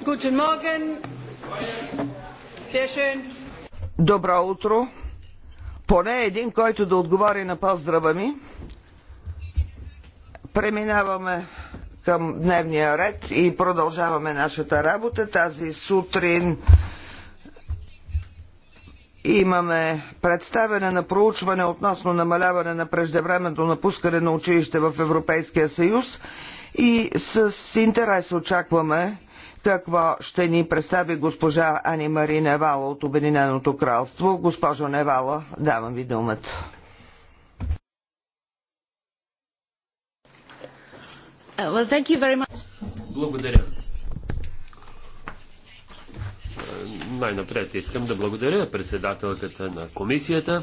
Guten Morgen. Sehr schön. Добро утро. Поне един, който да отговори на поздрава ми. Преминаваме към дневния ред и продължаваме нашата работа. Тази сутрин Имаме представяне на проучване относно намаляване на преждевременно напускане на училище в Европейския съюз и с интерес очакваме Такво ще ни представи госпожа Ани Мари Невала от Обединеното кралство. Госпожо Невала, давам ви думата. Uh, well, благодаря. Uh, най-напред искам да благодаря председателката на комисията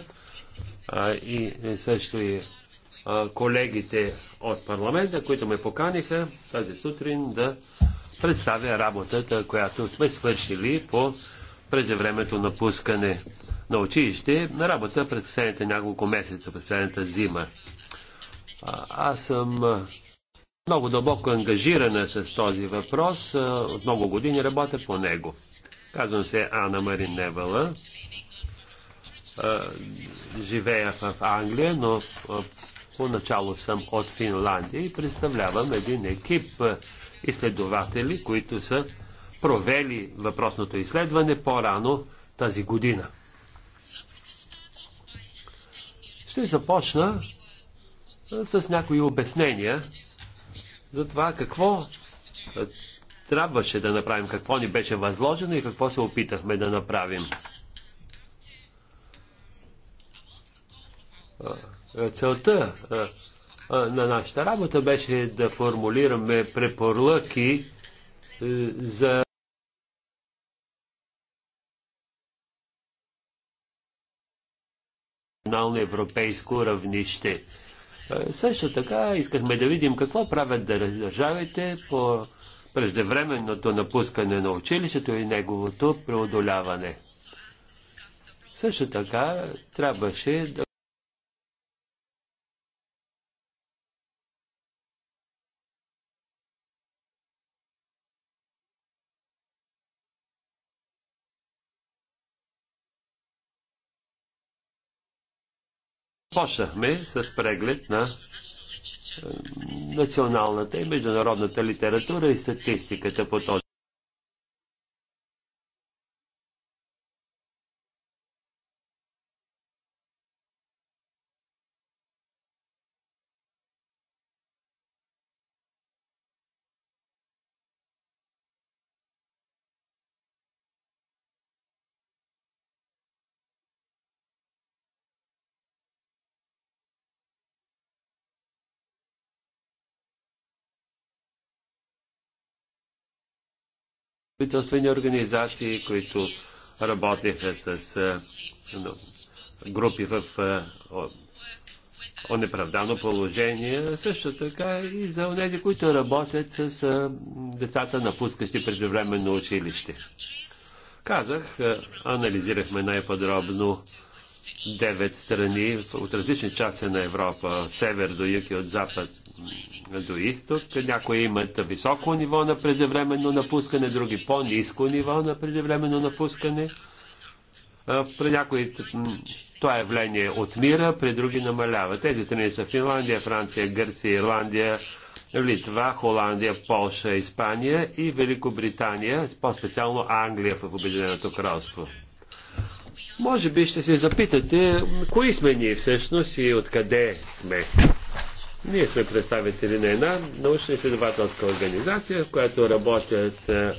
а, и също и а, колегите от парламента, които ме поканиха тази сутрин да представя работата, която сме свършили по на пускане на училище, на работа през последните няколко месеца, през последната зима. А, аз съм много дълбоко ангажирана с този въпрос. От много години работя по него. Казвам се Ана Марин Невала. Живея в Англия, но поначало съм от Финландия и представлявам един екип изследователи, които са провели въпросното изследване по-рано тази година. Ще започна с някои обяснения за това какво трябваше да направим, какво ни беше възложено и какво се опитахме да направим. Целта на нашата работа беше да формулираме препоръки е, за на европейско равнище. Е, също така искахме да видим какво правят държавите по преждевременното напускане на училището и неговото преодоляване. Също така трябваше да Почнахме с преглед на е, националната и международната литература и статистиката по този правителствени организации, които работеха с ну, групи в онеправдано положение, също така и за тези, които работят с а, децата, напускащи предвременно училище. Казах, анализирахме най-подробно девет страни от различни части на Европа, от север до юг и от запад до изток. Някои имат високо ниво на предевременно напускане, други по-низко ниво на предевременно напускане. При някои това явление отмира, при други намалява. Тези страни са Финландия, Франция, Гърция, Ирландия, Литва, Холандия, Полша, Испания и Великобритания, по-специално Англия в Обединеното кралство. Може би ще се запитате, кои сме ние всъщност и откъде сме. Ние сме представители на една научно-изследователска организация, в която работят е,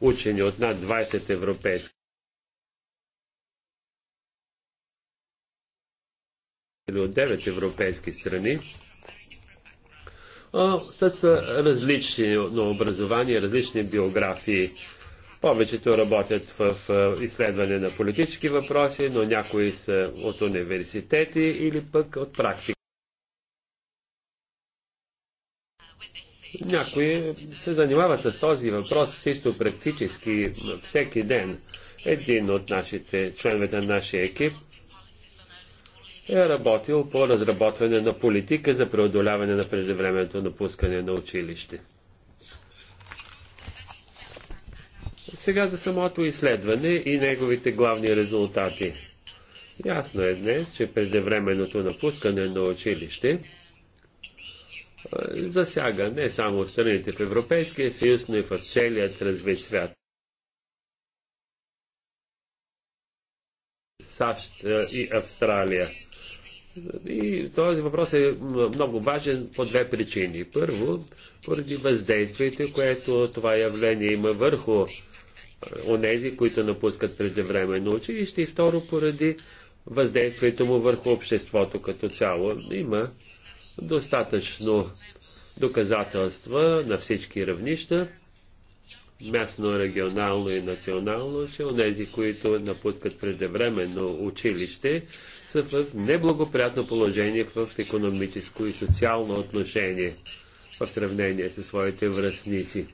учени от над 20 европейски от 9 европейски страни с е, различни образования, различни биографии. Повечето работят в е, изследване на политически въпроси, но някои са от университети или пък от практика. Някои се занимават с този въпрос чисто практически всеки ден. Един от нашите членовете на нашия екип е работил по разработване на политика за преодоляване на преждевременното напускане на училище. Сега за самото изследване и неговите главни резултати. Ясно е днес, че преждевременното напускане на училище засяга не само страните в Европейския съюз, но и в целият развит свят. САЩ и Австралия. И този въпрос е много важен по две причини. Първо, поради въздействието, което това явление има върху онези, които напускат преждевременно училище и второ поради въздействието му върху обществото като цяло. Има достатъчно доказателства на всички равнища, местно, регионално и национално, че онези, които напускат преждевременно училище, са в неблагоприятно положение в економическо и социално отношение в сравнение с своите връзници.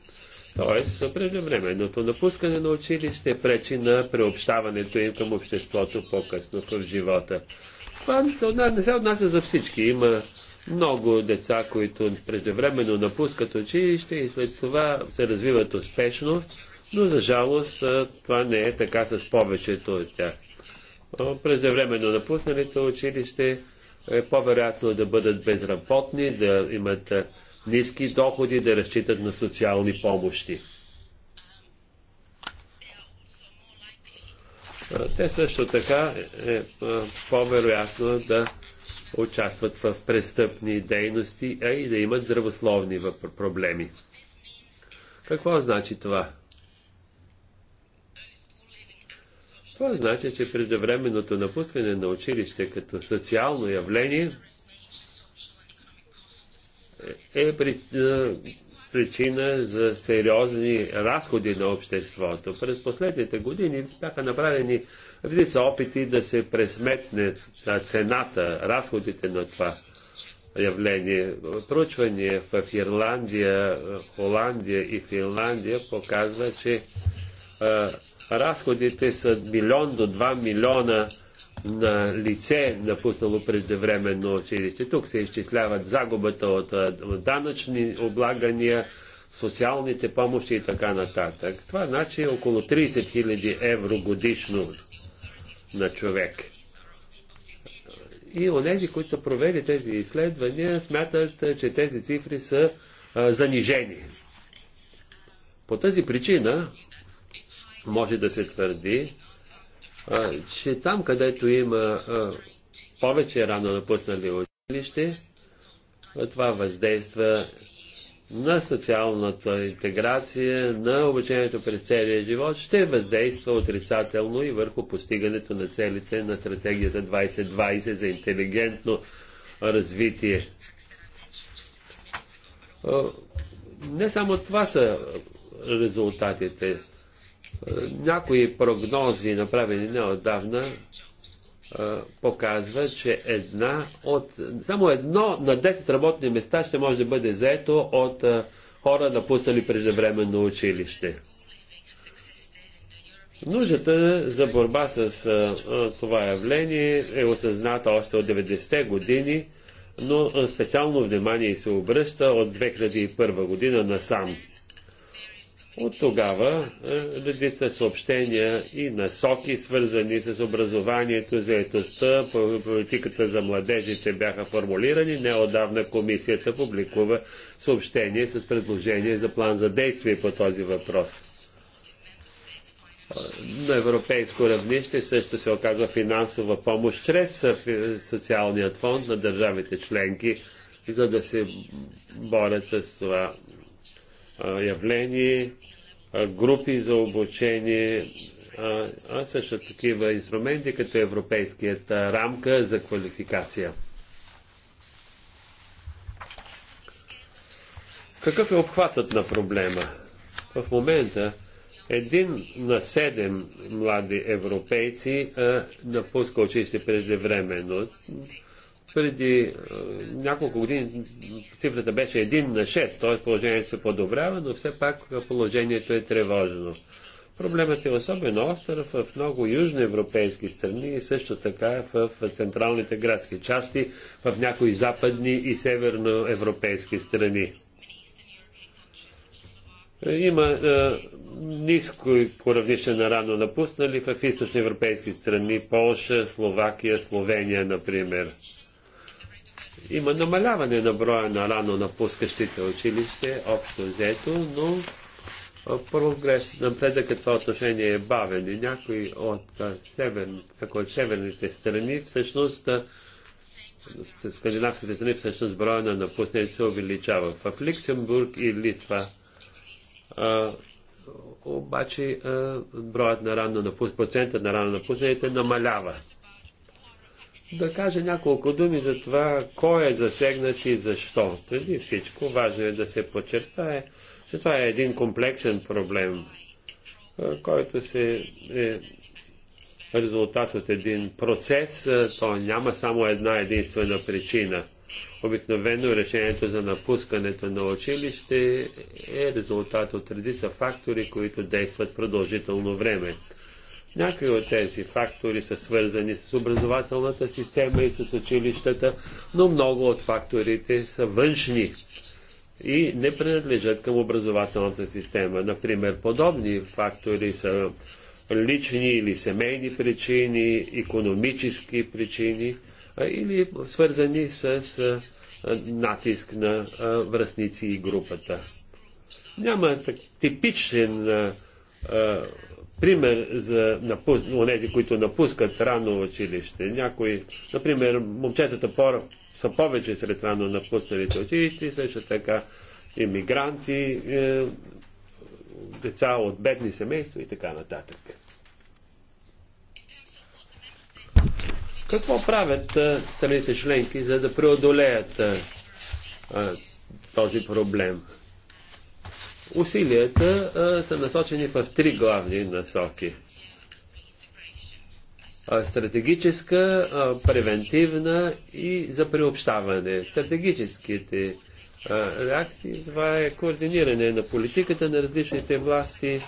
Тоест, преждевременното напускане на училище пречи на преобщаването им към обществото по-късно в живота. Това не се, отнася, не се отнася за всички. Има много деца, които преждевременно напускат училище и след това се развиват успешно, но за жалост това не е така с повечето от тях. Преждевременно напусналите училище е по-вероятно да бъдат безработни, да имат ниски доходи да разчитат на социални помощи. Те също така е, е по-вероятно да участват в престъпни дейности, а и да имат здравословни проблеми. Какво значи това? Това значи, че преждевременното напускане на училище като социално явление е, е причина за сериозни разходи на обществото. През последните години бяха направени редица опити да се пресметне цената, разходите на това явление. Проучване в Ирландия, Холандия и Финландия показва, че е, разходите са милион до 2 милиона на лице, напуснало преждевременно училище. Тук се изчисляват загубата от, данъчни облагания, социалните помощи и така нататък. Това значи около 30 000 евро годишно на човек. И онези, които са провели тези изследвания, смятат, че тези цифри са а, занижени. По тази причина може да се твърди, че там, където има повече рано напуснали училище, това въздейства на социалната интеграция, на обучението през целия живот, ще въздейства отрицателно и върху постигането на целите на стратегията 2020 за интелигентно развитие. Не само това са резултатите. Някои прогнози, направени неодавна, показва, че една от, само едно на 10 работни места ще може да бъде заето от хора, напуснали преждевременно училище. Нуждата за борба с а, това явление е осъзната още от 90-те години, но специално внимание се обръща от 2001 година насам. От тогава е, редица съобщения и насоки, свързани с образованието, заетостта, политиката за младежите бяха формулирани. Неодавна комисията публикува съобщение с предложение за план за действие по този въпрос. На европейско равнище също се оказва финансова помощ чрез социалният фонд на държавите членки, за да се борят с това явление групи за обучение, а също такива инструменти, като Европейският рамка за квалификация. Какъв е обхватът на проблема? В момента един на седем млади европейци напуска училище преждевременно. Преди е, няколко години цифрата беше 1 на 6, т.е. положението се подобрява, но все пак положението е тревожно. Проблемът е особено остър в много южноевропейски страни и също така в централните градски части, в някои западни и северноевропейски страни. Има е, ниско поравнище на рано напуснали в източноевропейски страни, Полша, Словакия, Словения, например. Има намаляване на броя на рано напускащите училище, общо взето, но прогрес, напредък това отношение е бавен и някои от, север, от северните страни, всъщност скандинавските страни, всъщност броя на напускащите се увеличава. В Люксембург и Литва а, обаче броят на рано напускащите, процентът на рано напускащите намалява да кажа няколко думи за това, кой е засегнат и защо. Преди всичко важно е да се подчертае, че това е един комплексен проблем, който се е резултат от един процес, то няма само една единствена причина. Обикновено решението за напускането на училище е резултат от редица фактори, които действат продължително време. Някои от тези фактори са свързани с образователната система и с училищата, но много от факторите са външни и не принадлежат към образователната система. Например, подобни фактори са лични или семейни причини, економически причини или свързани с натиск на връзници и групата. Няма типичен пример за напус... тези, които напускат рано училище. Някои, например, момчетата по... са повече сред рано напусналите училище и също така иммигранти, е... деца от бедни семейства и така нататък. Какво правят е, страните членки, за да преодолеят а, е, е, този проблем? Усилията а, са насочени в три главни насоки. А, стратегическа, а, превентивна и за приобщаване. Стратегическите а, реакции, това е координиране на политиката на различните власти,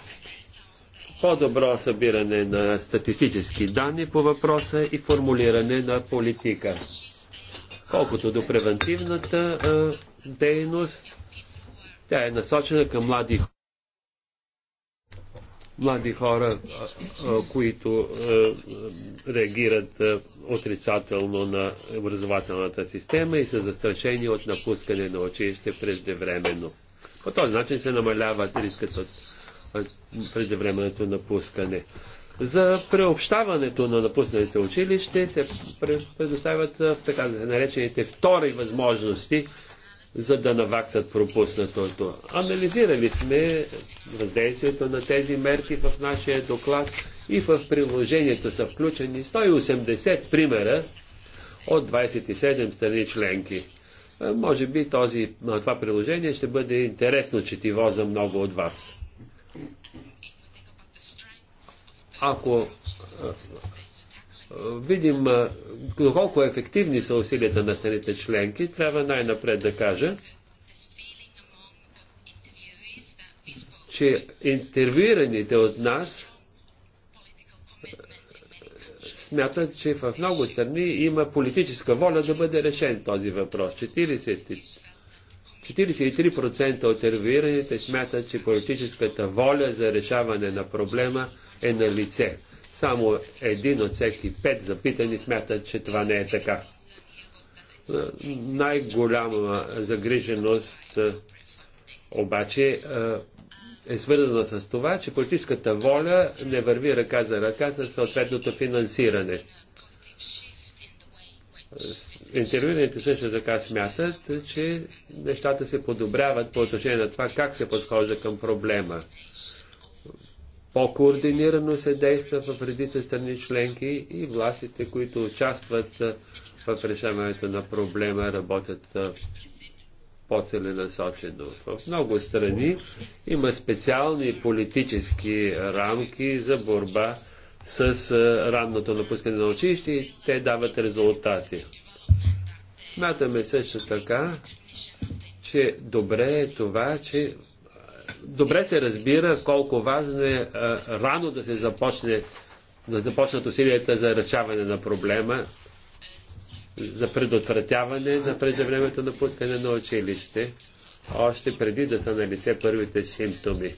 по-добро събиране на статистически данни по въпроса и формулиране на политика. Колкото до превентивната а, дейност, тя е насочена към млади млади хора, които реагират отрицателно на образователната система и са застрашени от напускане на училище преждевременно. По този начин се намаляват рискът от преждевременното напускане. За преобщаването на напусналите училище се предоставят така наречените втори възможности за да наваксат пропуснатото. Анализирали сме въздействието на тези мерки в нашия доклад и в приложението са включени 180 примера от 27 страни членки. Може би този, това приложение ще бъде интересно четиво за много от вас. Ако видим колко ефективни са усилията на страните членки, трябва най-напред да кажа, че интервюираните от нас смятат, че в много страни има политическа воля да бъде решен този въпрос. 40, 43% от интервюираните смятат, че политическата воля за решаване на проблема е на лице. Само един от всеки пет запитани смятат, че това не е така. Най-голяма загриженост обаче е свързана с това, че политическата воля не върви ръка за ръка с съответното финансиране. Интервюираните също така смятат, че нещата се подобряват по отношение на това как се подхожда към проблема по-координирано се действа в редица страни членки и властите, които участват в решаването на проблема, работят по-целенасочено. В много страни има специални политически рамки за борба с ранното напускане на училище и те дават резултати. Смятаме също така, че добре е това, че добре се разбира колко важно е, е рано да се започне да започнат усилията за решаване на проблема, за предотвратяване на преждевременното напускане на училище, още преди да са налице първите симптоми.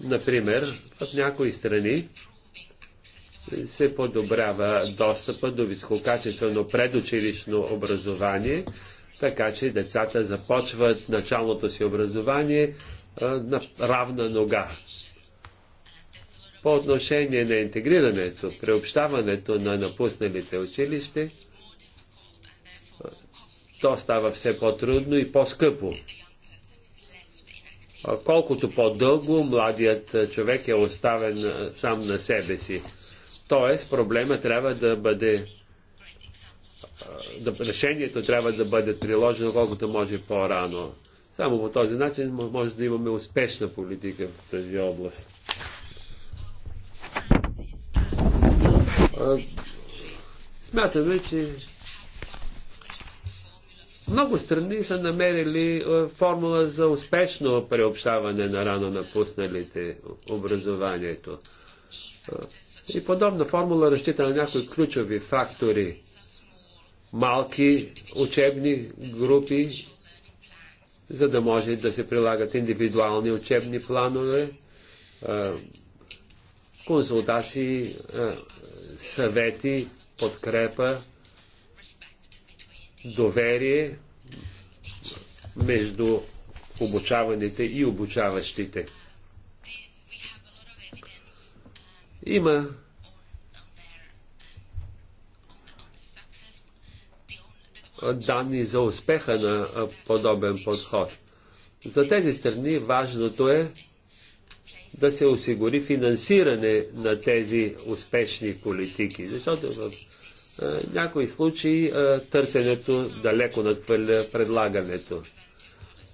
Например, в някои страни се подобрява достъпа до висококачествено предучилищно образование, така че децата започват началното си образование на равна нога. По отношение на интегрирането, преобщаването на напусналите училище, то става все по-трудно и по-скъпо. Колкото по-дълго младият човек е оставен сам на себе си. Тоест, проблема трябва да бъде решението трябва да бъде приложено колкото може по-рано. Само по този начин може да имаме успешна политика в тази област. Смятаме, че много страни са намерили формула за успешно преобщаване на рано напусналите образованието. И подобна формула разчита на някои ключови фактори. Малки учебни групи за да може да се прилагат индивидуални учебни планове, консултации, съвети, подкрепа, доверие между обучаваните и обучаващите. Има данни за успеха на подобен подход. За тези страни важното е да се осигури финансиране на тези успешни политики, защото в някои случаи търсенето далеко надхвърля предлагането.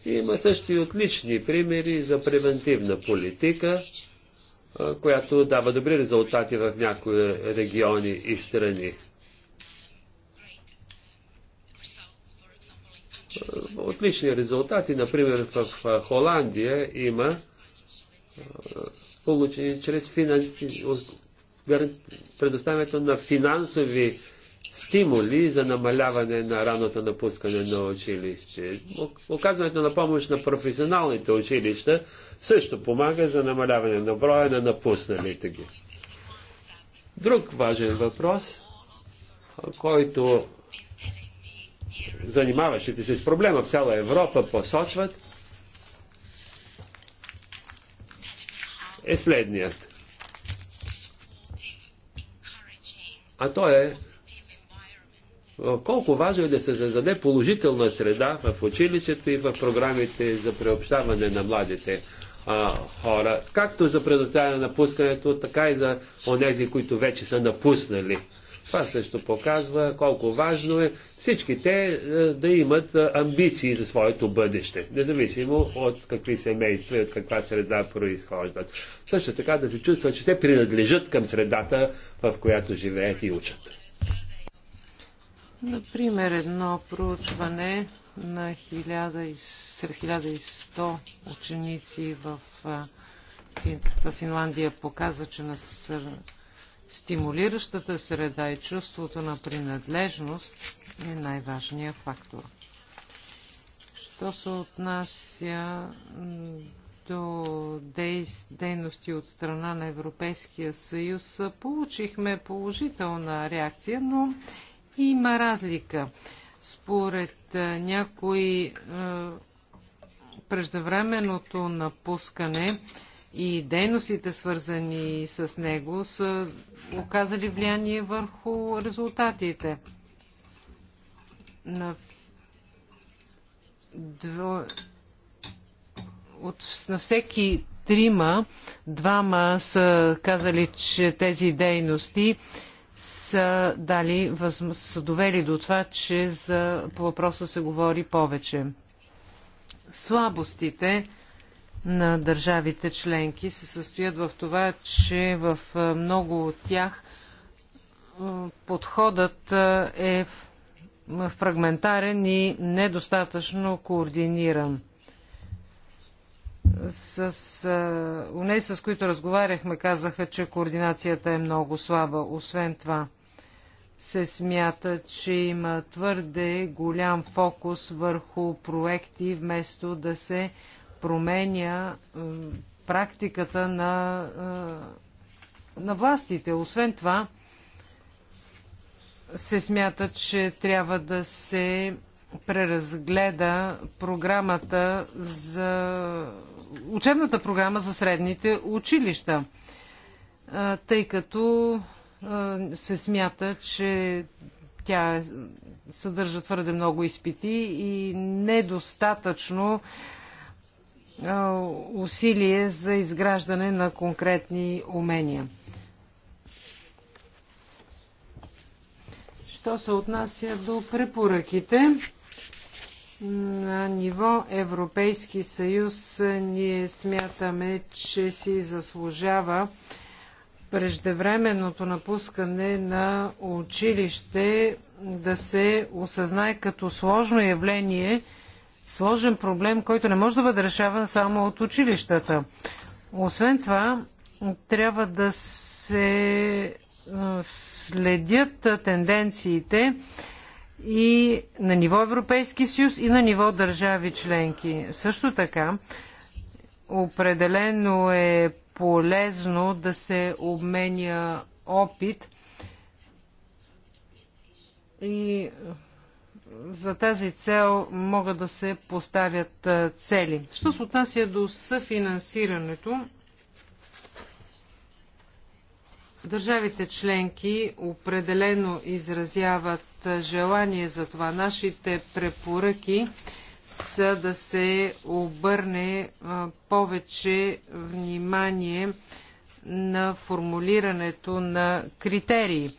Има също и отлични примери за превентивна политика, която дава добри резултати в някои региони и страни. отлични резултати. Например, в Холандия има получени чрез финанси, предоставянето на финансови стимули за намаляване на раното напускане на училище. Оказването на помощ на професионалните училища също помага за намаляване на броя на напусналите ги. Друг важен въпрос, който занимаващите се с проблема в цяла Европа посочват, е следният. А то е колко важно е да се създаде положителна среда в училището и в програмите за преобщаване на младите а, хора, както за предотвратяване на напускането, така и за онези, които вече са напуснали това също показва колко важно е всички те е, да имат е, амбиции за своето бъдеще, независимо от какви семейства и от каква среда произхождат. Също така да се чувстват, че те принадлежат към средата, в която живеят и учат. Например, едно проучване на 1000, сред 1100 ученици в, е, в Финландия показа, че на Стимулиращата среда и чувството на принадлежност е най-важният фактор. Що се отнася до дейности от страна на Европейския съюз, получихме положителна реакция, но има разлика. Според някои преждевременното напускане и дейностите свързани с него са оказали влияние върху резултатите. На, дво... от... на всеки трима, двама са казали, че тези дейности са, дали, въз... са довели до това, че за... по въпроса се говори повече. Слабостите на държавите членки се състоят в това, че в много от тях подходът е фрагментарен и недостатъчно координиран. С унези, с които разговаряхме, казаха, че координацията е много слаба. Освен това, се смята, че има твърде голям фокус върху проекти, вместо да се променя практиката на, на властите. Освен това, се смята, че трябва да се преразгледа програмата за учебната програма за средните училища, тъй като се смята, че тя е, съдържа твърде много изпити и недостатъчно усилие за изграждане на конкретни умения. Що се отнася до препоръките, на ниво Европейски съюз ние смятаме, че си заслужава преждевременното напускане на училище да се осъзнае като сложно явление – сложен проблем, който не може да бъде решаван само от училищата. Освен това, трябва да се следят тенденциите и на ниво Европейски съюз, и на ниво държави членки. Също така, определено е полезно да се обменя опит и за тази цел могат да се поставят цели. Що се отнася до съфинансирането, държавите членки определено изразяват желание за това. Нашите препоръки са да се обърне повече внимание на формулирането на критерии.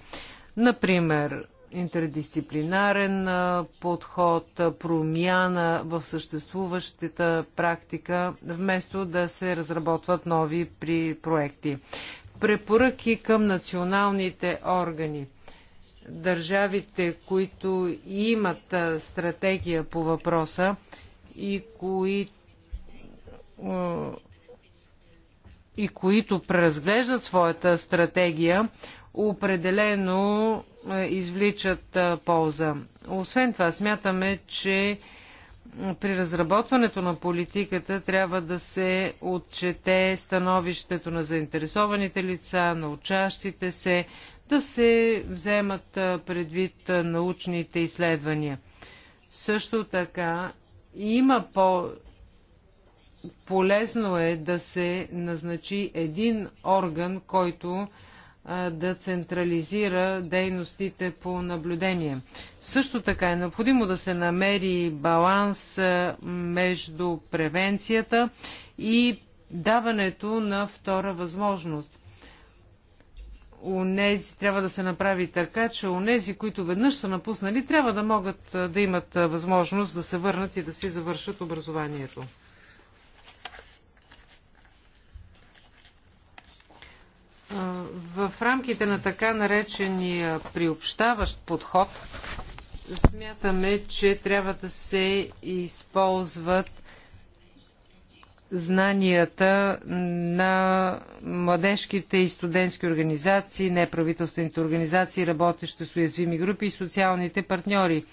Например, интердисциплинарен подход, промяна в съществуващата практика, вместо да се разработват нови при проекти. Препоръки към националните органи. Държавите, които имат стратегия по въпроса и които и които преразглеждат своята стратегия, определено е, извличат е, полза. Освен това, смятаме, че е, при разработването на политиката трябва да се отчете становището на заинтересованите лица, на учащите се, да се вземат предвид научните изследвания. Също така има по... Полезно е да се назначи един орган, който да централизира дейностите по наблюдение. Също така е необходимо да се намери баланс между превенцията и даването на втора възможност. Унези, трябва да се направи така, че онези, които веднъж са напуснали, трябва да могат да имат възможност да се върнат и да си завършат образованието. В рамките на така наречения приобщаващ подход смятаме, че трябва да се използват знанията на младежките и студентски организации, неправителствените организации, работещи с уязвими групи и социалните партньори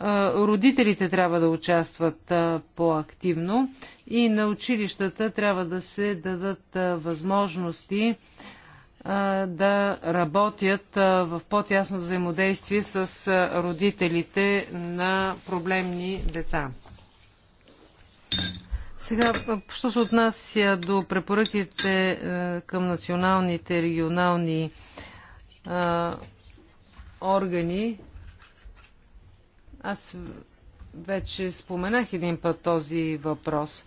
родителите трябва да участват по-активно и на училищата трябва да се дадат възможности да работят в по-тясно взаимодействие с родителите на проблемни деца. Сега, що се отнася до препоръките към националните регионални органи, аз вече споменах един път този въпрос.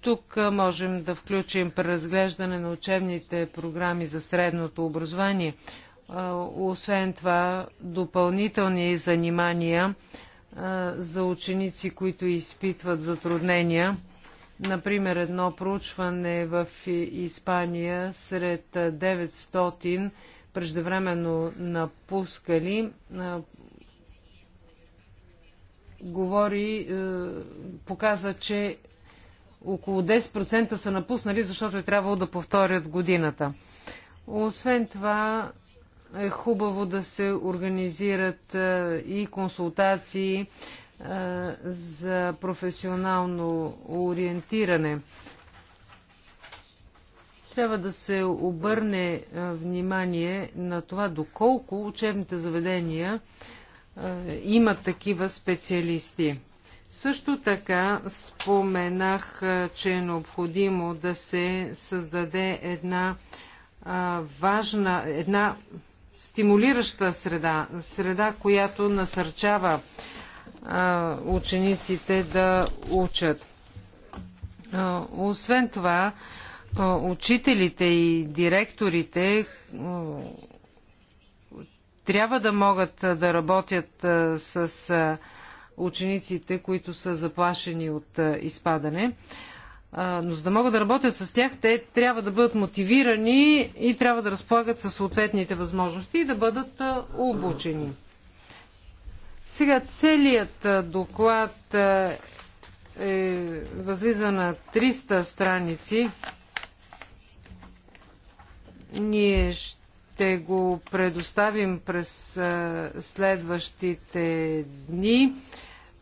Тук можем да включим преразглеждане на учебните програми за средното образование. Освен това, допълнителни занимания за ученици, които изпитват затруднения. Например, едно проучване в Испания сред 900 преждевременно напускали говори, е, показа, че около 10% са напуснали, защото е трябвало да повторят годината. Освен това, е хубаво да се организират е, и консултации е, за професионално ориентиране. Трябва да се обърне внимание на това доколко учебните заведения е, има такива специалисти. Също така споменах, е, че е необходимо да се създаде една е, важна, една стимулираща среда, среда, която насърчава учениците да учат. освен това, учителите и директорите трябва да могат да работят с учениците, които са заплашени от изпадане. Но за да могат да работят с тях, те трябва да бъдат мотивирани и трябва да разполагат със съответните възможности и да бъдат обучени. Сега целият доклад е, възлиза на 300 страници. Ние ще ще го предоставим през следващите дни.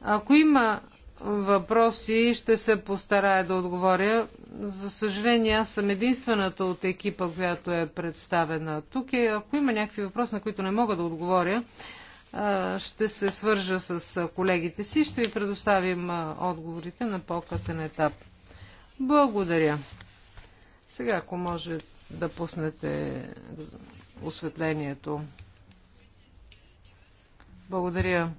Ако има въпроси, ще се постарая да отговоря. За съжаление, аз съм единствената от екипа, която е представена тук. И ако има някакви въпроси, на които не мога да отговоря, ще се свържа с колегите си и ще ви предоставим отговорите на по-късен етап. Благодаря. Сега, ако може да пуснете осветлението. Благодаря,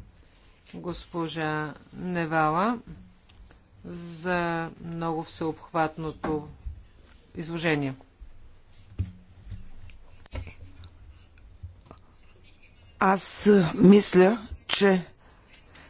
госпожа Невала, за много всеобхватното изложение. Аз мисля, че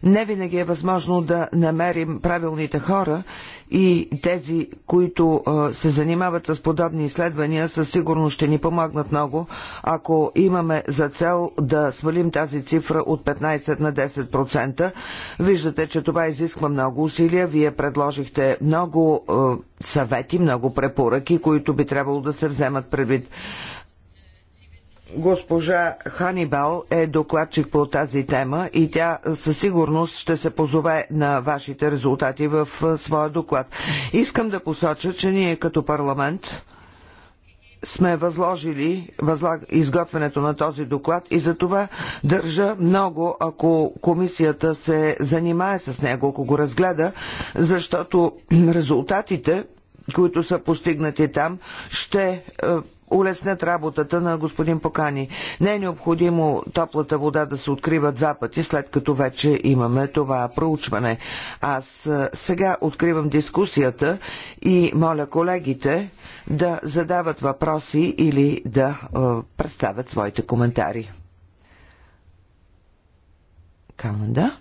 не винаги е възможно да намерим правилните хора и тези, които се занимават с подобни изследвания, със сигурност ще ни помогнат много, ако имаме за цел да свалим тази цифра от 15 на 10%. Виждате, че това изисква много усилия. Вие предложихте много съвети, много препоръки, които би трябвало да се вземат предвид. Госпожа Ханибал е докладчик по тази тема и тя със сигурност ще се позове на вашите резултати в своя доклад. Искам да посоча, че ние като парламент сме възложили възлаг, изготвянето на този доклад и за това държа много, ако комисията се занимае с него, ако го разгледа, защото резултатите които са постигнати там, ще е, улеснят работата на господин Покани. Не е необходимо топлата вода да се открива два пъти, след като вече имаме това проучване. Аз е, сега откривам дискусията и моля колегите да задават въпроси или да е, представят своите коментари. Канада.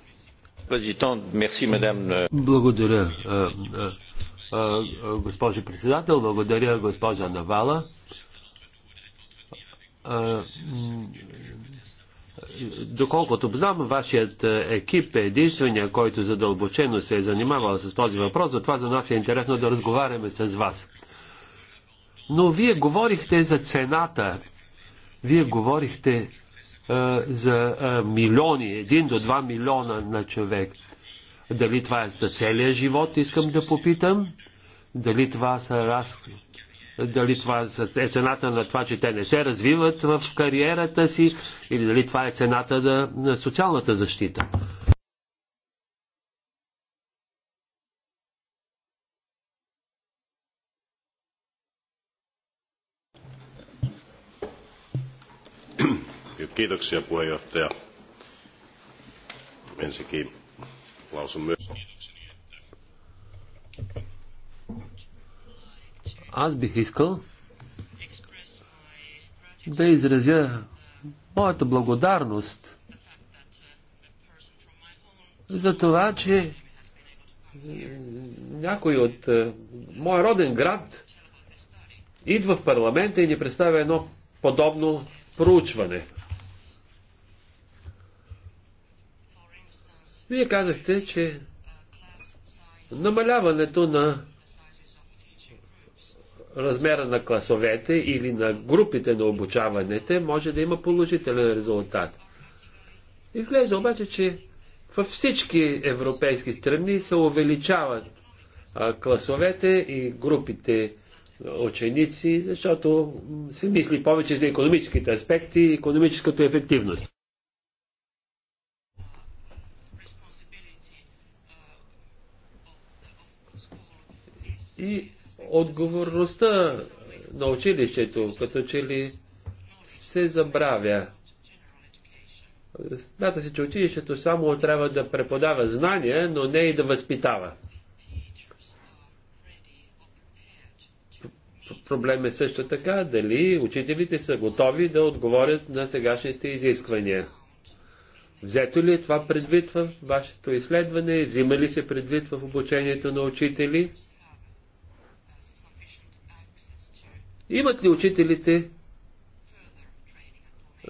Благодаря, госпожо председател. Благодаря, госпожа Навала. Доколкото знам, вашият екип е единствения, който задълбочено се е занимавал с този въпрос, затова за нас е интересно да разговаряме с вас. Но вие говорихте за цената, вие говорихте а, за а, милиони, 1 до 2 милиона на човек. Дали това е за целия живот, искам да попитам. Дали това са раз... дали това е цената на това, че те не се развиват в кариерата си, или дали това е цената на, на социалната защита. Kiitoksia puheenjohtaja. Ensinnäkin аз бих искал да изразя моята благодарност за това, че някой от е, моя роден град идва в парламента и ни представя едно подобно проучване. Вие казахте, че намаляването на размера на класовете или на групите на обучаваните може да има положителен резултат. Изглежда обаче, че във всички европейски страни се увеличават класовете и групите ученици, защото се мисли повече за економическите аспекти и економическата ефективност. и отговорността на училището, като че ли се забравя. Смята се, че училището само трябва да преподава знания, но не и да възпитава. Проблем е също така дали учителите са готови да отговорят на сегашните изисквания. Взето ли е това предвид в вашето изследване? Взима ли се предвид в обучението на учители? Имат ли учителите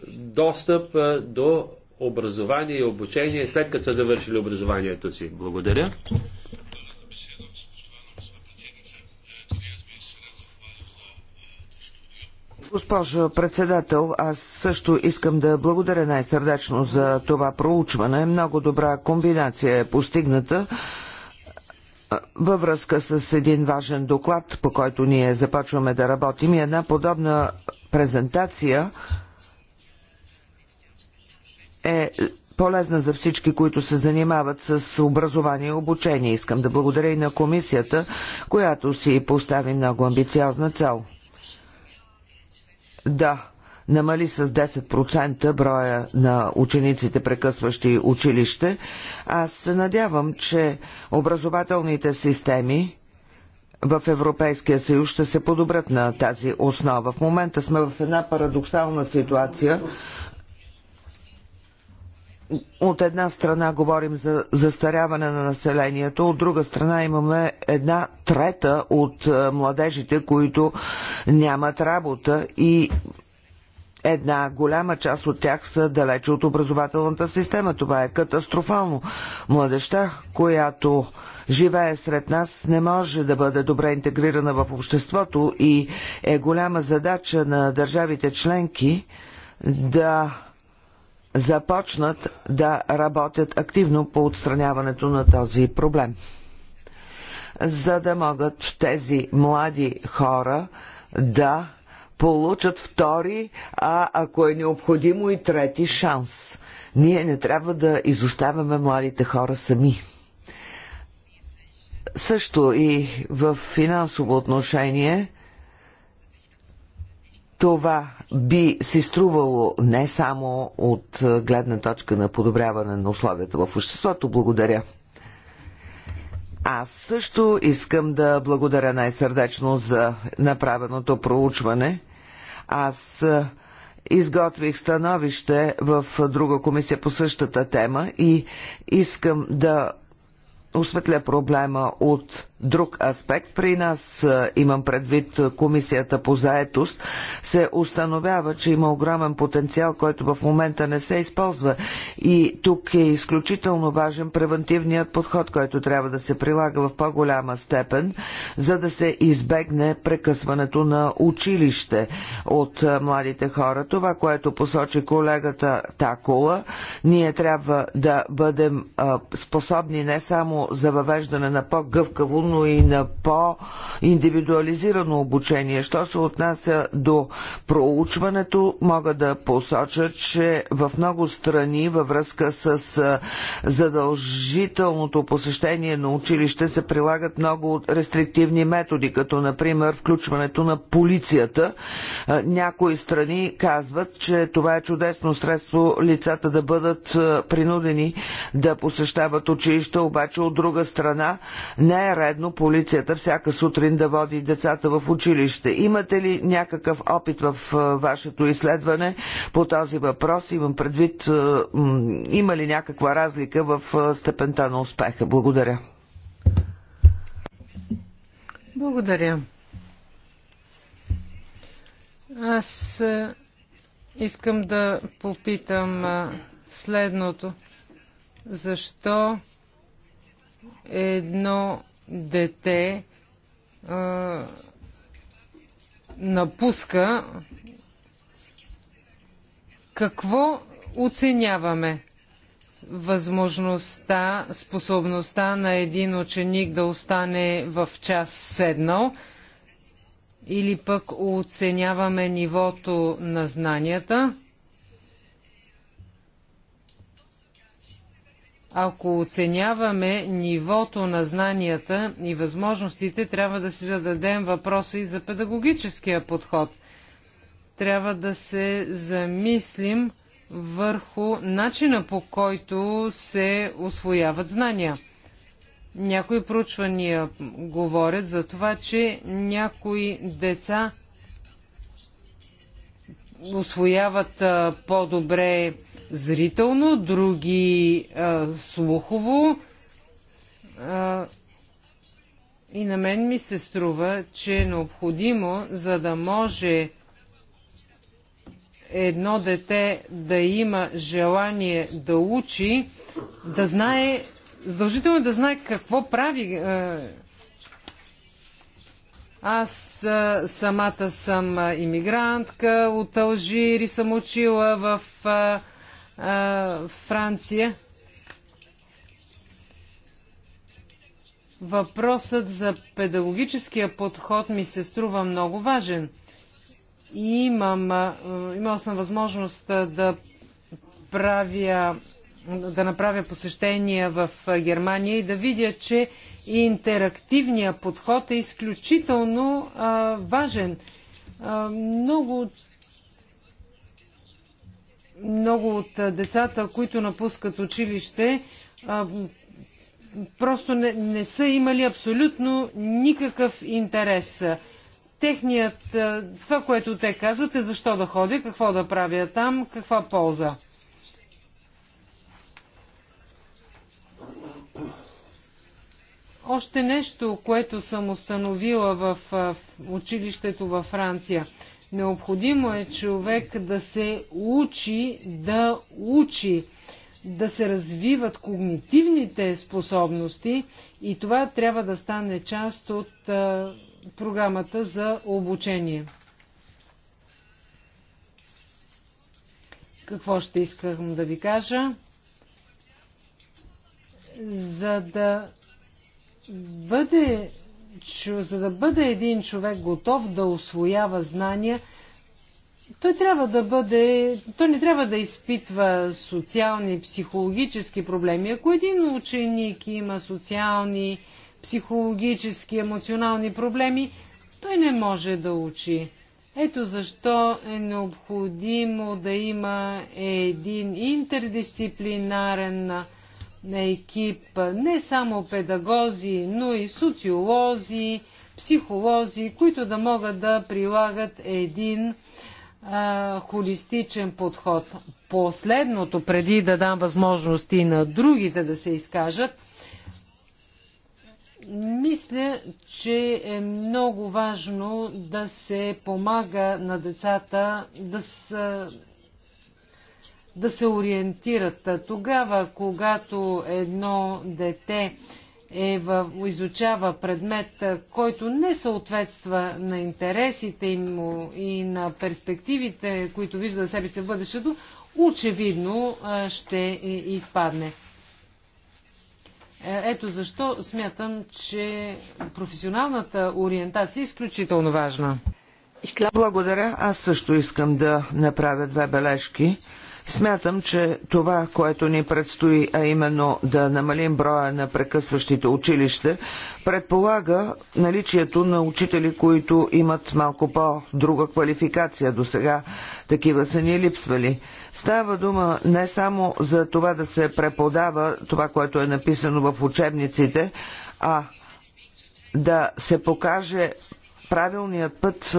достъп до образование и обучение след като са завършили образованието си? Благодаря. Госпожо председател, аз също искам да благодаря най-сърдечно за това проучване. Много добра комбинация е постигната във връзка с един важен доклад, по който ние започваме да работим и една подобна презентация е полезна за всички, които се занимават с образование и обучение. Искам да благодаря и на комисията, която си постави много амбициозна цел. Да, намали с 10% броя на учениците, прекъсващи училище. Аз се надявам, че образователните системи в Европейския съюз ще се подобрят на тази основа. В момента сме в една парадоксална ситуация, от една страна говорим за застаряване на населението, от друга страна имаме една трета от е, младежите, които нямат работа и една голяма част от тях са далече от образователната система. Това е катастрофално. Младеща, която живее сред нас, не може да бъде добре интегрирана в обществото и е голяма задача на държавите членки да започнат да работят активно по отстраняването на този проблем. За да могат тези млади хора да получат втори, а ако е необходимо и трети шанс. Ние не трябва да изоставяме младите хора сами. Също и в финансово отношение това би се струвало не само от гледна точка на подобряване на условията в обществото. Благодаря. Аз също искам да благодаря най-сърдечно за направеното проучване. Аз изготвих становище в друга комисия по същата тема и искам да осветля проблема от друг аспект. При нас, имам предвид комисията по заетост, се установява, че има огромен потенциал, който в момента не се използва. И тук е изключително важен превентивният подход, който трябва да се прилага в по-голяма степен, за да се избегне прекъсването на училище от младите хора. Това, което посочи колегата Такола, ние трябва да бъдем способни не само за въвеждане на по-гъвкаво, по и на по-индивидуализирано обучение. Що се отнася до проучването, мога да посоча, че в много страни във връзка с задължителното посещение на училище се прилагат много рестриктивни методи, като например включването на полицията. Някои страни казват, че това е чудесно средство лицата да бъдат принудени да посещават училища, обаче от друга страна не е редно редно полицията всяка сутрин да води децата в училище. Имате ли някакъв опит в вашето изследване по този въпрос? Имам предвид, има ли някаква разлика в степента на успеха? Благодаря. Благодаря. Аз искам да попитам следното. Защо едно дете а, напуска, какво оценяваме? Възможността, способността на един ученик да остане в час седнал или пък оценяваме нивото на знанията – Ако оценяваме нивото на знанията и възможностите, трябва да си зададем въпроса и за педагогическия подход. Трябва да се замислим върху начина по който се освояват знания. Някои проучвания говорят за това, че някои деца освояват по-добре зрително, други а, слухово. А, и на мен ми се струва, че е необходимо, за да може едно дете да има желание да учи, да знае, задължително да знае какво прави. Аз самата съм иммигрантка от Алжир и съм учила в Франция. Въпросът за педагогическия подход ми се струва много важен. И имам, имал съм възможност да правя да направя посещения в Германия и да видя, че интерактивният подход е изключително а, важен. А, много много от децата, които напускат училище, просто не, не са имали абсолютно никакъв интерес. Техният, това, което те казват е защо да ходя, какво да правя там, каква полза. Още нещо, което съм установила в, в училището във Франция – Необходимо е човек да се учи, да учи, да се развиват когнитивните способности и това трябва да стане част от а, програмата за обучение. Какво ще искам да ви кажа? За да бъде за да бъде един човек готов да освоява знания, той трябва да бъде, той не трябва да изпитва социални, психологически проблеми. Ако един ученик има социални, психологически, емоционални проблеми, той не може да учи. Ето защо е необходимо да има един интердисциплинарен на екип, не само педагози, но и социолози, психолози, които да могат да прилагат един а, холистичен подход. Последното, преди да дам възможности на другите да се изкажат, мисля, че е много важно да се помага на децата да са да се ориентират. Тогава, когато едно дете е в, изучава предмет, който не съответства на интересите им и на перспективите, които вижда за себе си в бъдещето, очевидно ще изпадне. Е, ето защо смятам, че професионалната ориентация е изключително важна. Благодаря. Аз също искам да направя две бележки. Смятам, че това, което ни предстои, а именно да намалим броя на прекъсващите училище, предполага наличието на учители, които имат малко по-друга квалификация. До сега такива са ни липсвали. Става дума не само за това да се преподава това, което е написано в учебниците, а да се покаже правилният път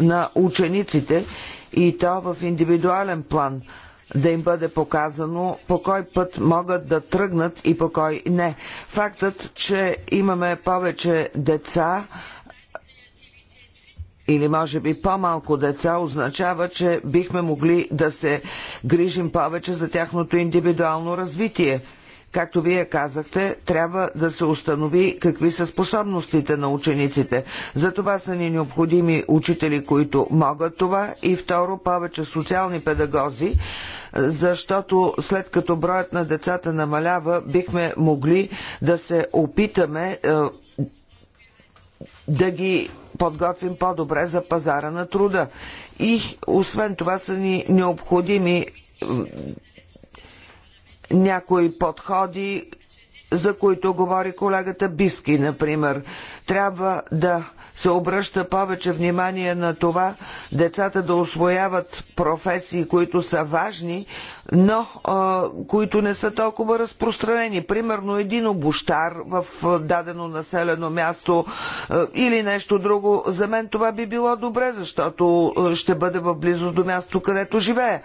на учениците и то в индивидуален план – да им бъде показано по кой път могат да тръгнат и по кой не. Фактът, че имаме повече деца, или може би по-малко деца означава, че бихме могли да се грижим повече за тяхното индивидуално развитие. Както вие казахте, трябва да се установи какви са способностите на учениците. За това са ни необходими учители, които могат това и второ повече социални педагози, защото след като броят на децата намалява, бихме могли да се опитаме е, да ги подготвим по-добре за пазара на труда. И освен това са ни необходими някои подходи, за които говори колегата Биски, например. Трябва да се обръща повече внимание на това децата да освояват професии, които са важни, но а, които не са толкова разпространени. Примерно един обуштар в дадено населено място а, или нещо друго. За мен това би било добре, защото ще бъде в близост до място, където живее.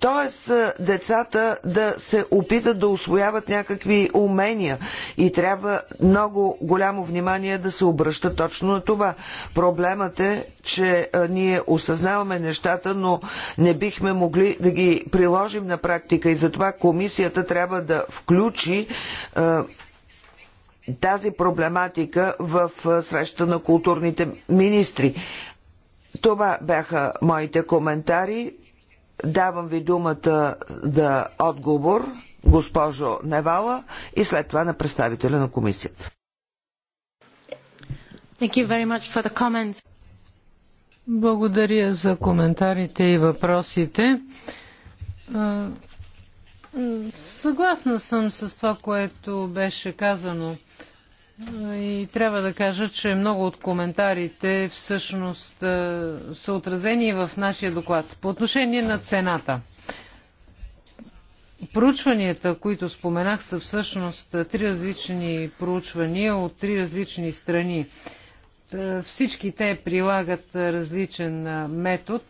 Тоест, децата да се опитат да освояват някакви умения и трябва много голямо внимание да се обръща точно на това. Проблемът е, че а, ние осъзнаваме нещата, но не бихме могли да ги приложим на на практика и затова комисията трябва да включи е, тази проблематика в е, среща на културните министри. Това бяха моите коментари. Давам ви думата да отговор, госпожо Невала, и след това на представителя на комисията. Благодаря за коментарите и въпросите. Съгласна съм с това, което беше казано. И трябва да кажа, че много от коментарите всъщност са отразени в нашия доклад. По отношение на цената. Проучванията, които споменах, са всъщност три различни проучвания от три различни страни. Всички те прилагат различен метод –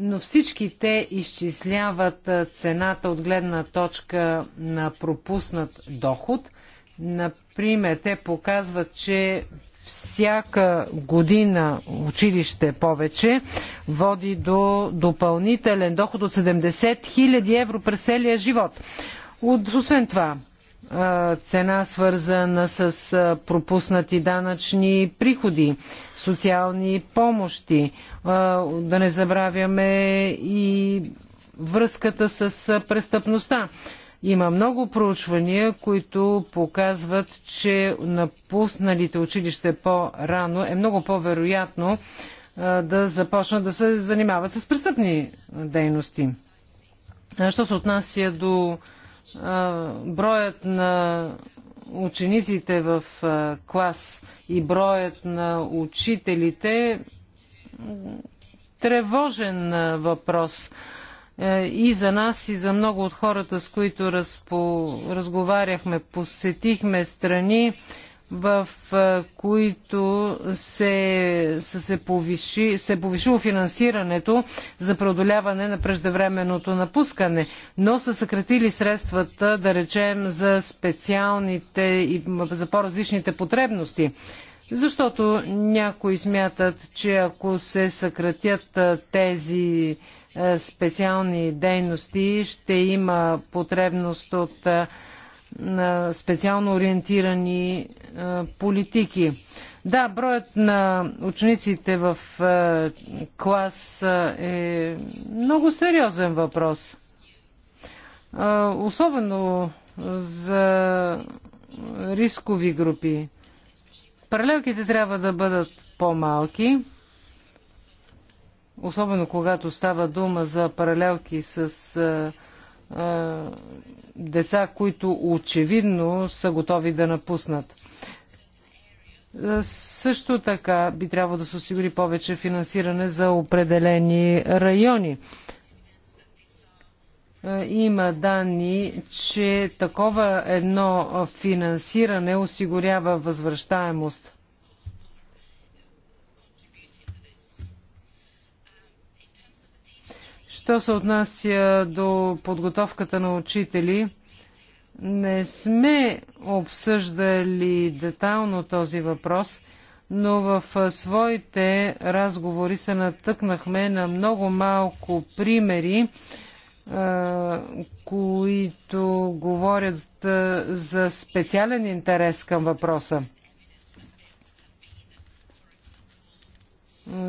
но всички те изчисляват цената от гледна точка на пропуснат доход. Например, те показват, че всяка година училище повече води до допълнителен доход от 70 000 евро през целия живот. От, освен това, цена, свързана с пропуснати данъчни приходи, социални помощи. Да не забравяме и връзката с престъпността. Има много проучвания, които показват, че напусналите училище по-рано е много по-вероятно да започнат да се занимават с престъпни дейности. Що се отнася до броят на учениците в клас и броят на учителите тревожен въпрос е, и за нас, и за много от хората, с които разпо... разговаряхме. Посетихме страни, в които се, се, повиши, се е повишило финансирането за преодоляване на преждевременното напускане, но са съкратили средствата, да речем, за специалните и за по-различните потребности. Защото някои смятат, че ако се съкратят тези специални дейности, ще има потребност от на специално ориентирани политики. Да, броят на учениците в клас е много сериозен въпрос. Особено за рискови групи. Паралелките трябва да бъдат по-малки, особено когато става дума за паралелки с деца, които очевидно са готови да напуснат. Също така би трябвало да се осигури повече финансиране за определени райони. Има данни, че такова едно финансиране осигурява възвръщаемост. Що се отнася до подготовката на учители, не сме обсъждали детайлно този въпрос, но в своите разговори се натъкнахме на много малко примери, които говорят за специален интерес към въпроса.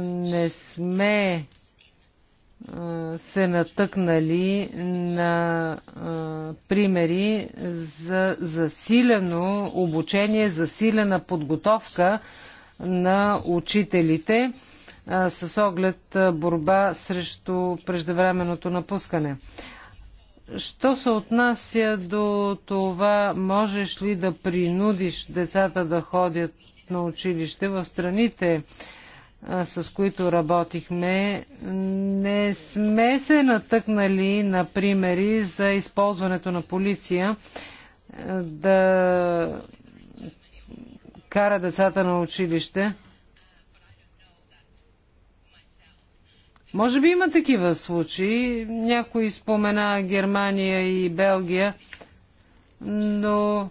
Не сме се натъкнали на а, примери за засилено обучение, засилена подготовка на учителите а, с оглед борба срещу преждевременното напускане. Що се отнася до това, можеш ли да принудиш децата да ходят на училище в страните, с които работихме, не сме се натъкнали на примери за използването на полиция да кара децата на училище. Може би има такива случаи. Някой спомена Германия и Белгия, но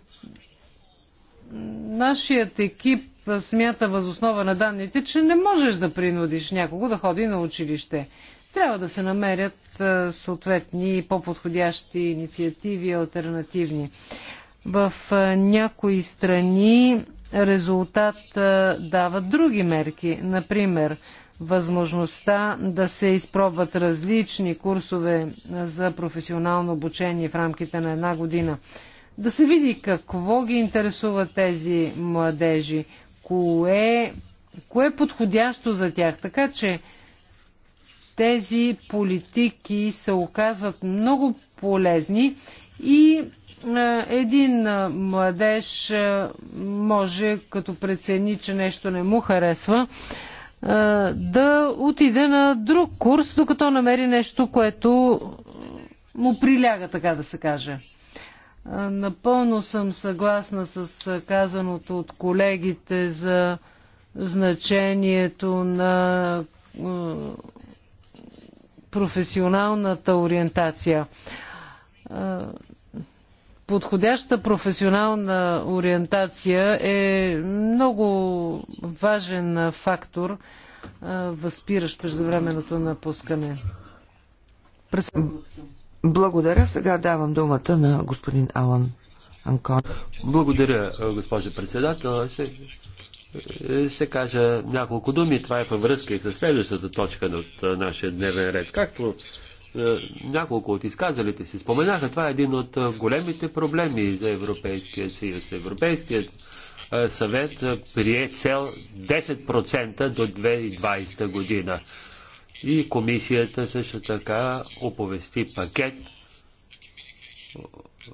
нашият екип смята възоснова на данните, че не можеш да принудиш някого да ходи на училище. Трябва да се намерят съответни по-подходящи инициативи, альтернативни. В някои страни резултат дават други мерки. Например, възможността да се изпробват различни курсове за професионално обучение в рамките на една година. Да се види какво ги интересува тези младежи, кое, кое е подходящо за тях. Така че тези политики се оказват много полезни и един младеж може, като прецени, че нещо не му харесва, да отиде на друг курс, докато намери нещо, което му приляга, така да се каже. Напълно съм съгласна с казаното от колегите за значението на е, професионалната ориентация. Е, подходяща професионална ориентация е много важен фактор, е, възпиращ преждевременното напускане. През... Благодаря. Сега давам думата на господин Алан Анкон. Благодаря, госпожо председател. Ще, ще кажа няколко думи. Това е във връзка и с следващата точка от нашия дневен ред. Както няколко от изказалите си споменаха, това е един от големите проблеми за Европейския съюз. Европейският съвет прие цел 10% до 2020 година. И комисията също така оповести пакет,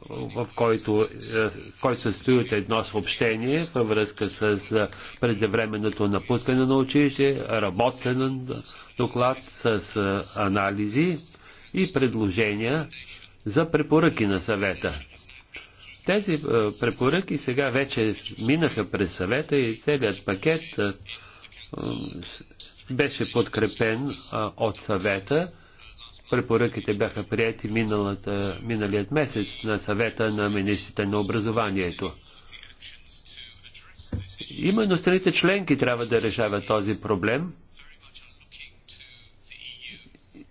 в който, в който състои от едно съобщение във връзка с предвременното напускане на училище, работен доклад с анализи и предложения за препоръки на съвета. Тези препоръки сега вече минаха през съвета и целият пакет беше подкрепен от съвета. Препоръките бяха прияти миналият месец на съвета на министрите на образованието. Именно страните членки трябва да решават този проблем,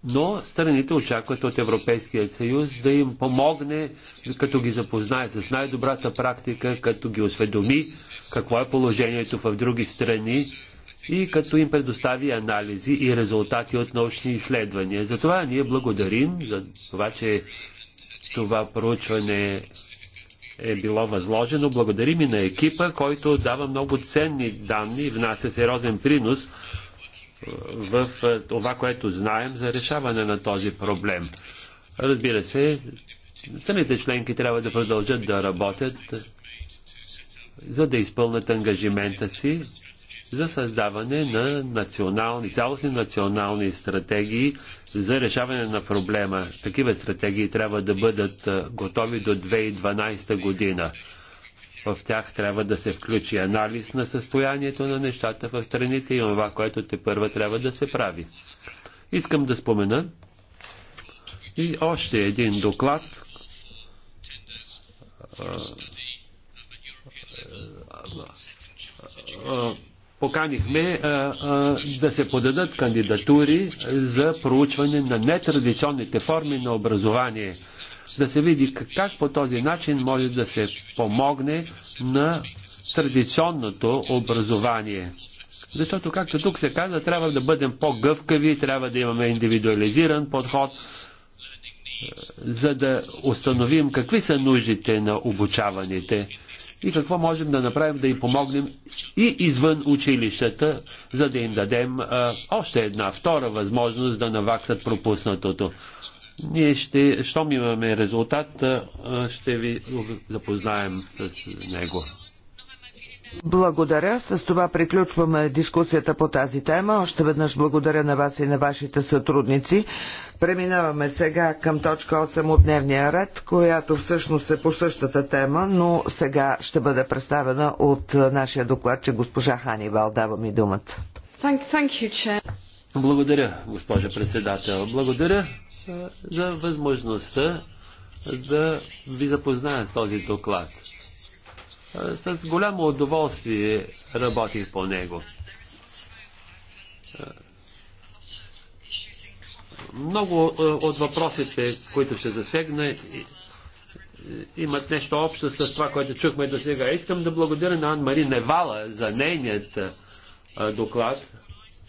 но страните очакват от Европейския съюз да им помогне, като ги запознае с най-добрата практика, като ги осведоми какво е положението в други страни и като им предостави анализи и резултати от научни изследвания. Затова ние благодарим за това, че това проучване е било възложено. Благодарим и на екипа, който дава много ценни данни и внася сериозен принос е, в е, това, което знаем за решаване на този проблем. Разбира се, самите членки трябва да продължат да работят, за да изпълнят ангажимента си за създаване на национални, цялостни национални стратегии за решаване на проблема. Такива стратегии трябва да бъдат готови до 2012 година. В тях трябва да се включи анализ на състоянието на нещата в страните и това, което те първа трябва да се прави. Искам да спомена и още един доклад, а, а, а, поканихме а, а, да се подадат кандидатури за проучване на нетрадиционните форми на образование. Да се види как по този начин може да се помогне на традиционното образование. Защото, както тук се каза, трябва да бъдем по-гъвкави, трябва да имаме индивидуализиран подход, за да установим какви са нуждите на обучаваните и какво можем да направим да им помогнем и извън училищата, за да им дадем а, още една, втора възможност да наваксат пропуснатото. Ние ще, щом имаме резултат, ще ви запознаем с него. Благодаря. С това приключваме дискусията по тази тема. Още веднъж благодаря на вас и на вашите сътрудници. Преминаваме сега към точка 8 от дневния ред, която всъщност е по същата тема, но сега ще бъде представена от нашия доклад, че госпожа Ханивал. Дава ми думата. Благодаря, госпожа председател. Благодаря за възможността да ви запозная с този доклад. Е, с голямо удоволствие работих по него. Е, много е, от въпросите, които ще засегна, имат нещо общо с това, което чухме до сега. Искам да благодаря на Ан-Мари Невала за нейният доклад.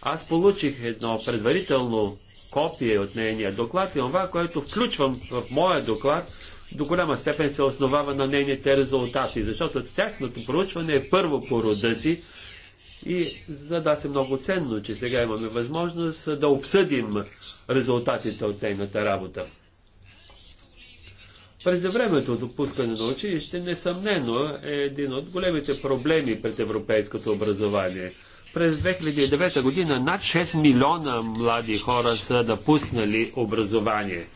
Аз получих едно предварително копие от нейния доклад и това, което включвам в моя доклад, до голяма степен се основава на нейните резултати, защото тяхното проучване е първо по рода си и за да се много ценно, че сега имаме възможност да обсъдим резултатите от тейната работа. През времето допускане на училище, несъмнено, е един от големите проблеми пред европейското образование. През 2009 година над 6 милиона млади хора са напуснали образование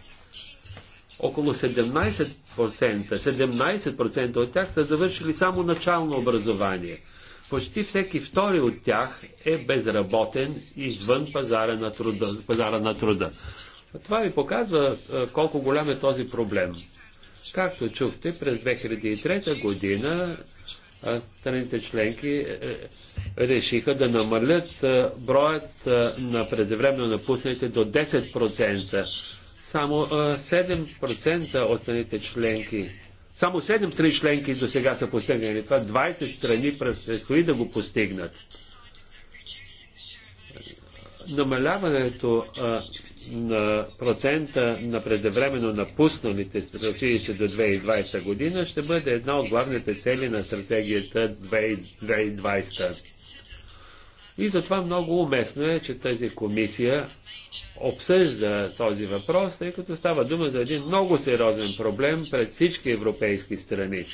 около 17%, 17% от тях са завършили само начално образование. Почти всеки втори от тях е безработен извън пазара на труда. Пазара на труда. Това ви показва колко голям е този проблем. Както чухте, през 2003 година страните членки е, е, решиха да намалят броят на предвременно напуснатите до 10%. Само 7% от страните членки, само 7 страни членки до сега са постигнали това, 20 страни предстои да го постигнат. Намаляването на процента на предвременно напусналите училище до 2020 година ще бъде една от главните цели на стратегията 2020. И затова много уместно е, че тази комисия обсъжда този въпрос, тъй като става дума за един много сериозен проблем пред всички европейски страни.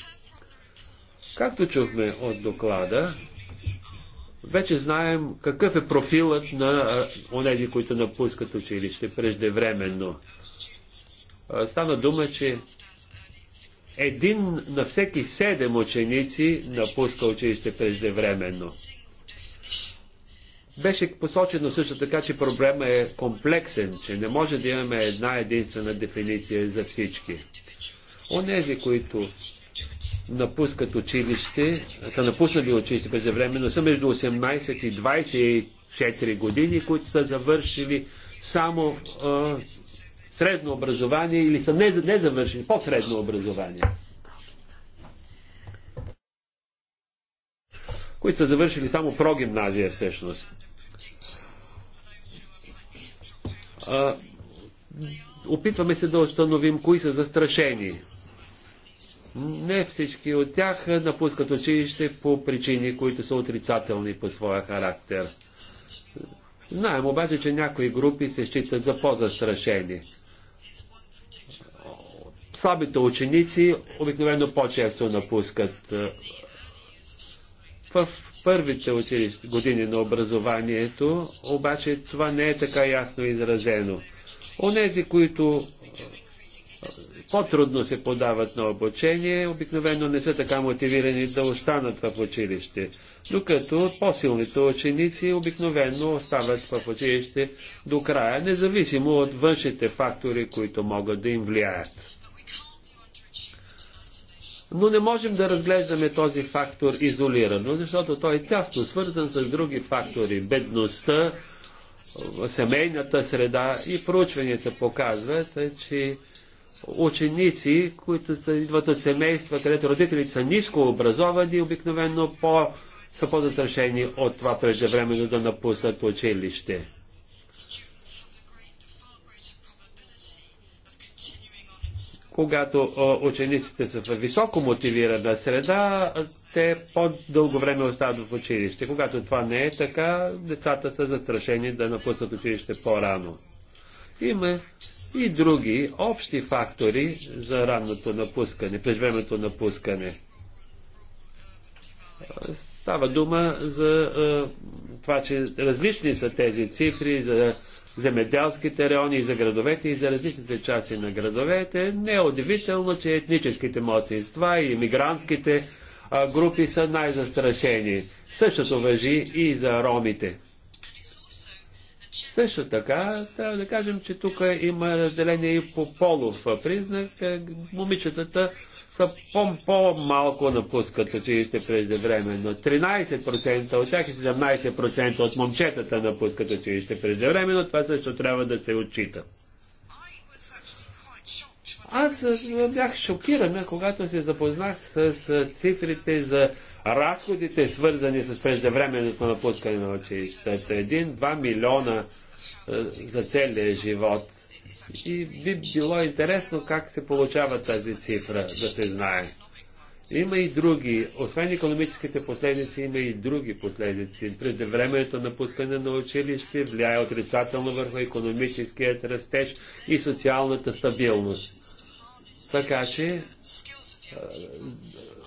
Както чухме от доклада, вече знаем какъв е профилът на онези, които напускат училище преждевременно. Стана дума, че един на всеки седем ученици напуска училище преждевременно. Беше посочено също така, че проблема е комплексен, че не може да имаме една единствена дефиниция за всички. Онези, които напускат училище, са напуснали училище но са между 18 и 24 години, които са завършили само а, средно образование или са не, не завършили по-средно образование. Които са завършили само прогимназия всъщност. А, опитваме се да установим кои са застрашени. Не всички от тях напускат училище по причини, които са отрицателни по своя характер. Знаем обаче, че някои групи се считат за по-застрашени. Слабите ученици обикновено по-често напускат. В първите училище години на образованието, обаче това не е така ясно изразено. Онези, които по-трудно се подават на обучение, обикновено не са така мотивирани да останат в училище. Докато по-силните ученици обикновено остават в училище до края, независимо от външните фактори, които могат да им влияят. Но не можем да разглеждаме този фактор изолирано, защото той е тясно свързан с други фактори. Бедността, семейната среда и проучванията показват, е, че ученици, които са, идват от семейства, където родителите са ниско образовани, обикновено по, са по затрешени от това преждевременно да напуснат училище. Когато учениците са в високо мотивирана среда, те по-дълго време остават в училище. Когато това не е така, децата са застрашени да напуснат училище по-рано. Има и други общи фактори за ранното напускане, през времето напускане. Става дума за е, това, че различни са тези цифри, за земеделските райони, и за градовете, и за различните части на градовете. Не е удивително, че етническите младсинства и мигрантските групи са най-застрашени. Същото въжи и за ромите. Също така, трябва да кажем, че тук има разделение и по полов признак. Е, момичетата са по-малко напускат училище преждевременно. 13% от тях и 17% от момчетата напускат училище преждевременно. Това също трябва да се отчита. Аз е, бях шокирана, когато се запознах с е, цифрите за разходите, свързани с преждевременното напускане на училището. 1-2 милиона е, за целия живот. И би било интересно как се получава тази цифра, да се знае. Има и други, освен економическите последици, има и други последици. Преждевременното напускане на училище влияе отрицателно върху економическият растеж и социалната стабилност. Така че е,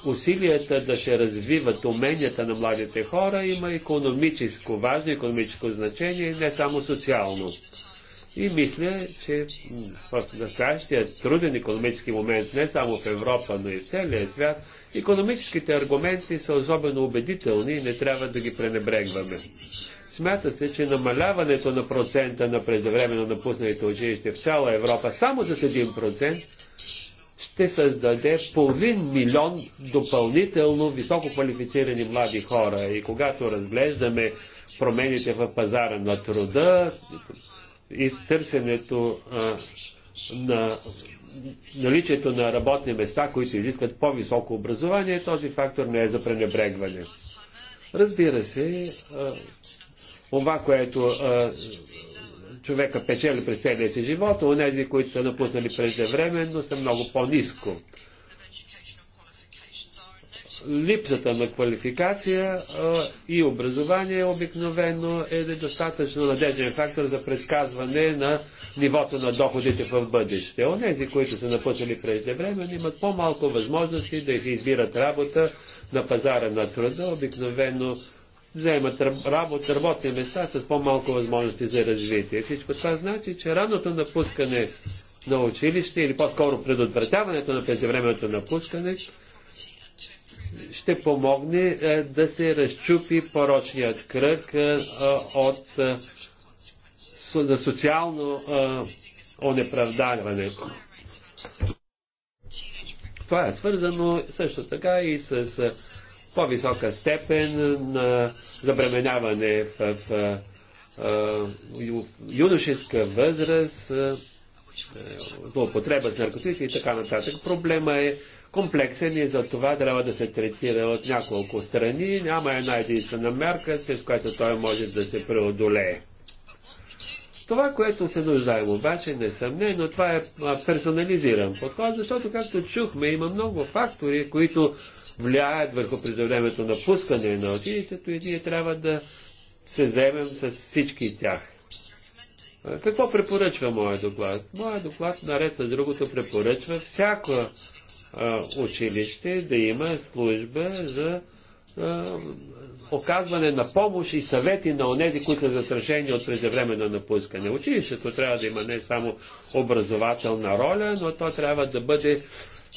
усилията да се развиват уменията на младите хора има економическо, важно економическо значение, не само социално. И мисля, че в настоящия труден економически момент, не само в Европа, но и в целия свят, економическите аргументи са особено убедителни и не трябва да ги пренебрегваме. Смята се, че намаляването на процента на преждевременно напусналите училище в цяла Европа само с 1% ще създаде половин милион допълнително високо квалифицирани млади хора. И когато разглеждаме промените в пазара на труда и търсенето а, на наличието на работни места, които изискват по-високо образование, този фактор не е за пренебрегване. Разбира се, а, това, което а, човека печели през целия си живот, а онези, които са напуснали преждевременно, са много по-низко. Липсата на квалификация а, и образование обикновено е недостатъчно надежден фактор за предсказване на нивото на доходите в бъдеще. Онези, които са напуснали преждевременно, имат по-малко възможности да си избират работа на пазара на труда. Обикновено Вземат работа, работни места с по-малко възможности за развитие. Всичко това значи, че раното напускане на училище или по-скоро предотвратяването на преждевременното напускане ще помогне е, да се разчупи порочният кръг е, е, от е, социално онеправдаване. Това е свързано също така и с по-висока степен на забременяване в, в, в, в юношеска възраст, злоупотреба с наркотици и така нататък. Проблема е комплексен и за това трябва да се третира от няколко страни. Няма една единствена мярка, с която той може да се преодолее. Това, което се нуждаем обаче, несъмнено, това е персонализиран подход, защото, както чухме, има много фактори, които влияят върху преждевременното напускане на училището и ние трябва да се вземем с всички тях. Какво препоръчва моят доклад? Моят доклад, наред с другото, препоръчва всяко училище да има служба за оказване на помощ и съвети на онези, които са затрашени от преждевременно напускане. Училището трябва да има не само образователна роля, но то трябва да бъде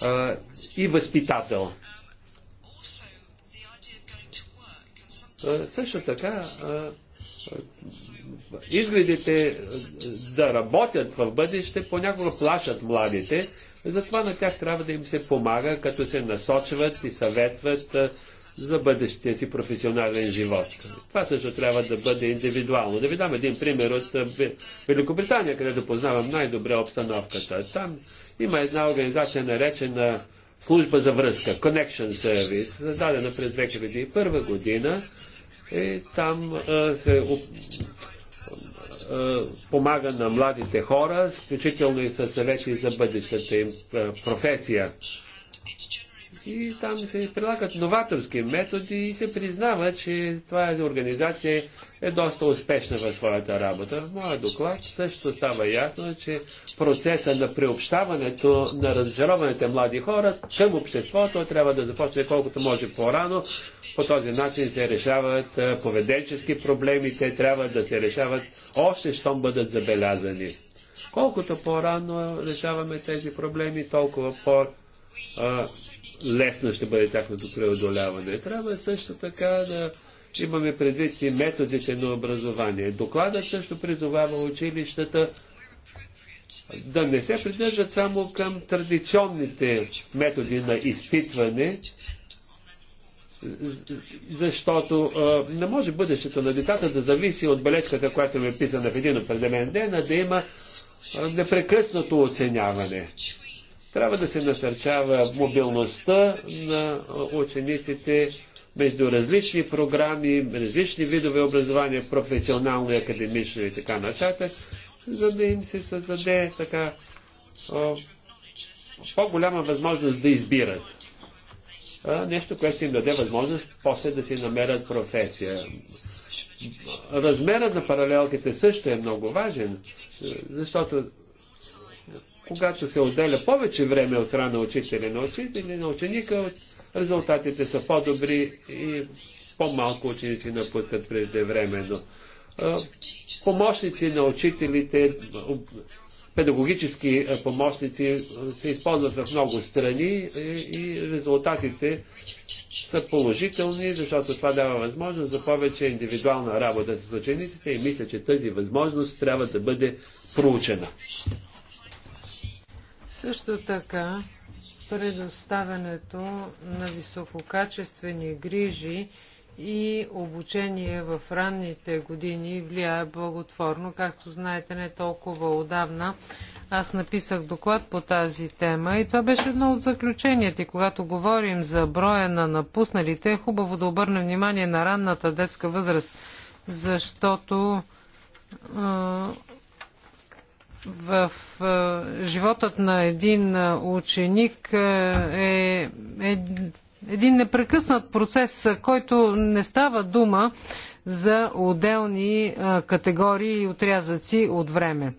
а, и възпитател. също така, изгледите да работят в бъдеще понякога плашат младите, затова на тях трябва да им се помага, като се насочват и съветват за бъдещия си професионален живот. Това също трябва да бъде индивидуално. Да ви дам един пример от Великобритания, където познавам най-добре обстановката. Там има една организация наречена служба за връзка, Connection Service, създадена през 2001 година и там а, се а, а, помага на младите хора, включително и със съвети за бъдещата им професия и там се прилагат новаторски методи и се признава, че това е организация е доста успешна в своята работа. В моя доклад също става ясно, че процеса на приобщаването на разочарованите млади хора към обществото трябва да започне колкото може по-рано. По този начин се решават е, поведенчески проблеми, те трябва да се решават още, щом бъдат забелязани. Колкото по-рано решаваме тези проблеми, толкова по- е, лесно ще бъде тяхното преодоляване. Трябва също така да имаме предвид и методите на образование. Докладът също призовава училищата да не се придържат само към традиционните методи на изпитване, защото а, не може бъдещето на децата да зависи от бележката, която ми е писана в един определен ден, а да има а, непрекъснато оценяване. Трябва да се насърчава мобилността на учениците между различни програми, различни видове образование, професионално, и академично и така нататък, за да им се създаде така по-голяма възможност да избират. А, нещо, което ще им даде възможност после да си намерят професия. Размерът на паралелките също е много важен, защото когато се отделя повече време от страна на учителя на учителя на ученика, резултатите са по-добри и по-малко ученици напускат преждевременно. Помощници на учителите, педагогически помощници се използват в много страни и резултатите са положителни, защото това дава възможност за повече индивидуална работа с учениците и мисля, че тази възможност трябва да бъде проучена. Също така, предоставянето на висококачествени грижи и обучение в ранните години влияе благотворно. Както знаете, не толкова отдавна аз написах доклад по тази тема и това беше едно от заключенията. И когато говорим за броя на напусналите, е хубаво да обърнем внимание на ранната детска възраст, защото в животът на един ученик е, е един непрекъснат процес, който не става дума за отделни категории и отрязъци от време.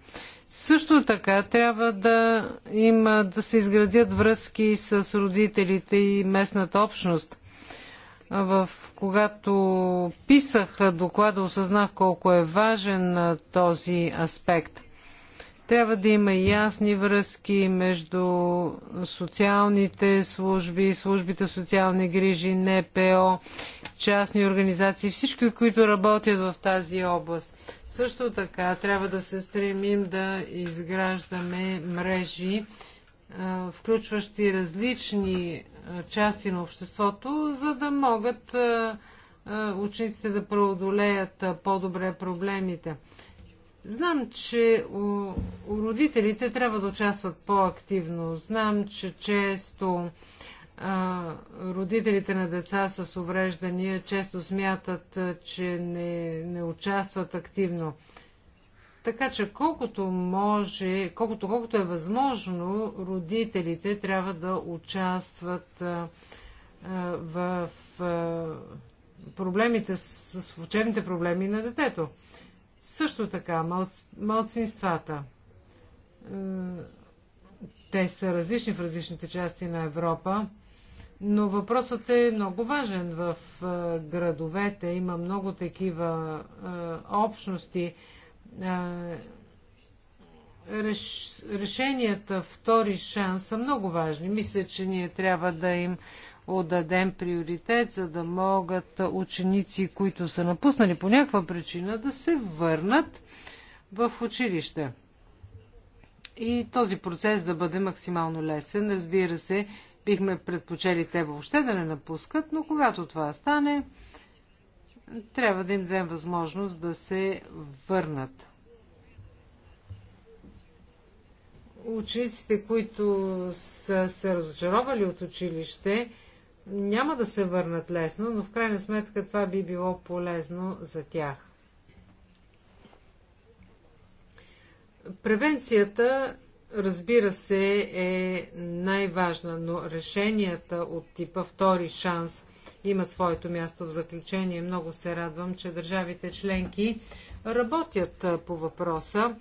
Също така трябва да има да се изградят връзки с родителите и местната общност. В, когато писах доклада, осъзнах колко е важен този аспект – трябва да има ясни връзки между социалните служби, службите социални грижи, НПО, частни организации, всички, които работят в тази област. Също така трябва да се стремим да изграждаме мрежи, включващи различни части на обществото, за да могат учениците да преодолеят по-добре проблемите. Знам, че родителите трябва да участват по-активно. Знам, че често а, родителите на деца с увреждания често смятат, че не, не участват активно. Така че колкото може, колкото, колкото е възможно, родителите трябва да участват а, а, в а, проблемите, с, с учебните проблеми на детето. Също така, мал... малцинствата. Е, те са различни в различните части на Европа, но въпросът е много важен. В е, градовете има много такива е, общности. Решенията втори шанс са много важни. Мисля, че ние трябва да им отдадем приоритет, за да могат ученици, които са напуснали по някаква причина, да се върнат в училище. И този процес да бъде максимално лесен. Разбира се, бихме предпочели те въобще да не напускат, но когато това стане, трябва да им дадем възможност да се върнат. Учениците, които са се разочаровали от училище, няма да се върнат лесно, но в крайна сметка това би било полезно за тях. Превенцията, разбира се, е най-важна, но решенията от типа втори шанс има своето място в заключение. Много се радвам, че държавите членки работят по въпроса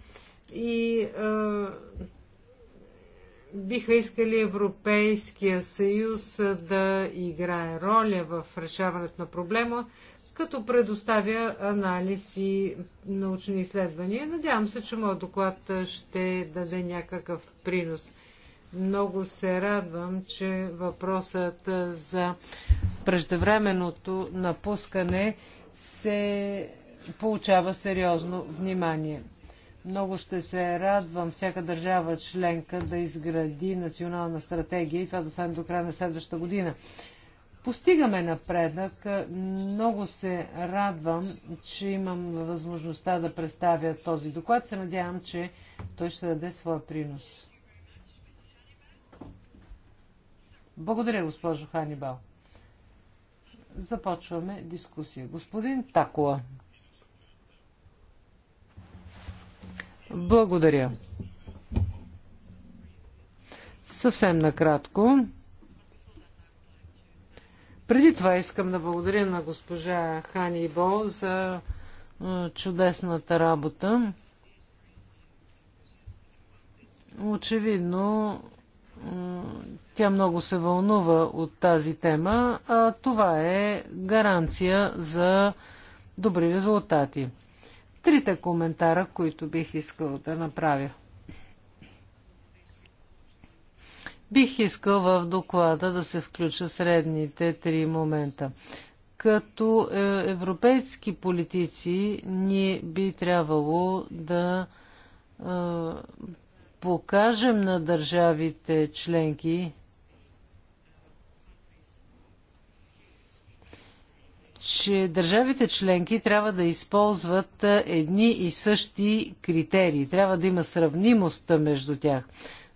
и е, биха искали Европейския съюз да играе роля в решаването на проблема, като предоставя анализ и научни изследвания. Надявам се, че моят доклад ще даде някакъв принос. Много се радвам, че въпросът за преждевременното напускане се получава сериозно внимание. Много ще се радвам всяка държава членка да изгради национална стратегия и това да стане до края на следващата година. Постигаме напредък. Много се радвам, че имам възможността да представя този доклад. Се надявам, че той ще даде своя принос. Благодаря, госпожо Ханибал. Започваме дискусия. Господин Такола. Благодаря. Съвсем накратко. Преди това искам да благодаря на госпожа Хани Бол за чудесната работа. Очевидно, тя много се вълнува от тази тема, а това е гаранция за добри резултати трите коментара, които бих искал да направя. Бих искал в доклада да се включа средните три момента. Като е, европейски политици ние би трябвало да е, покажем на държавите членки, че държавите членки трябва да използват едни и същи критерии. Трябва да има сравнимост между тях.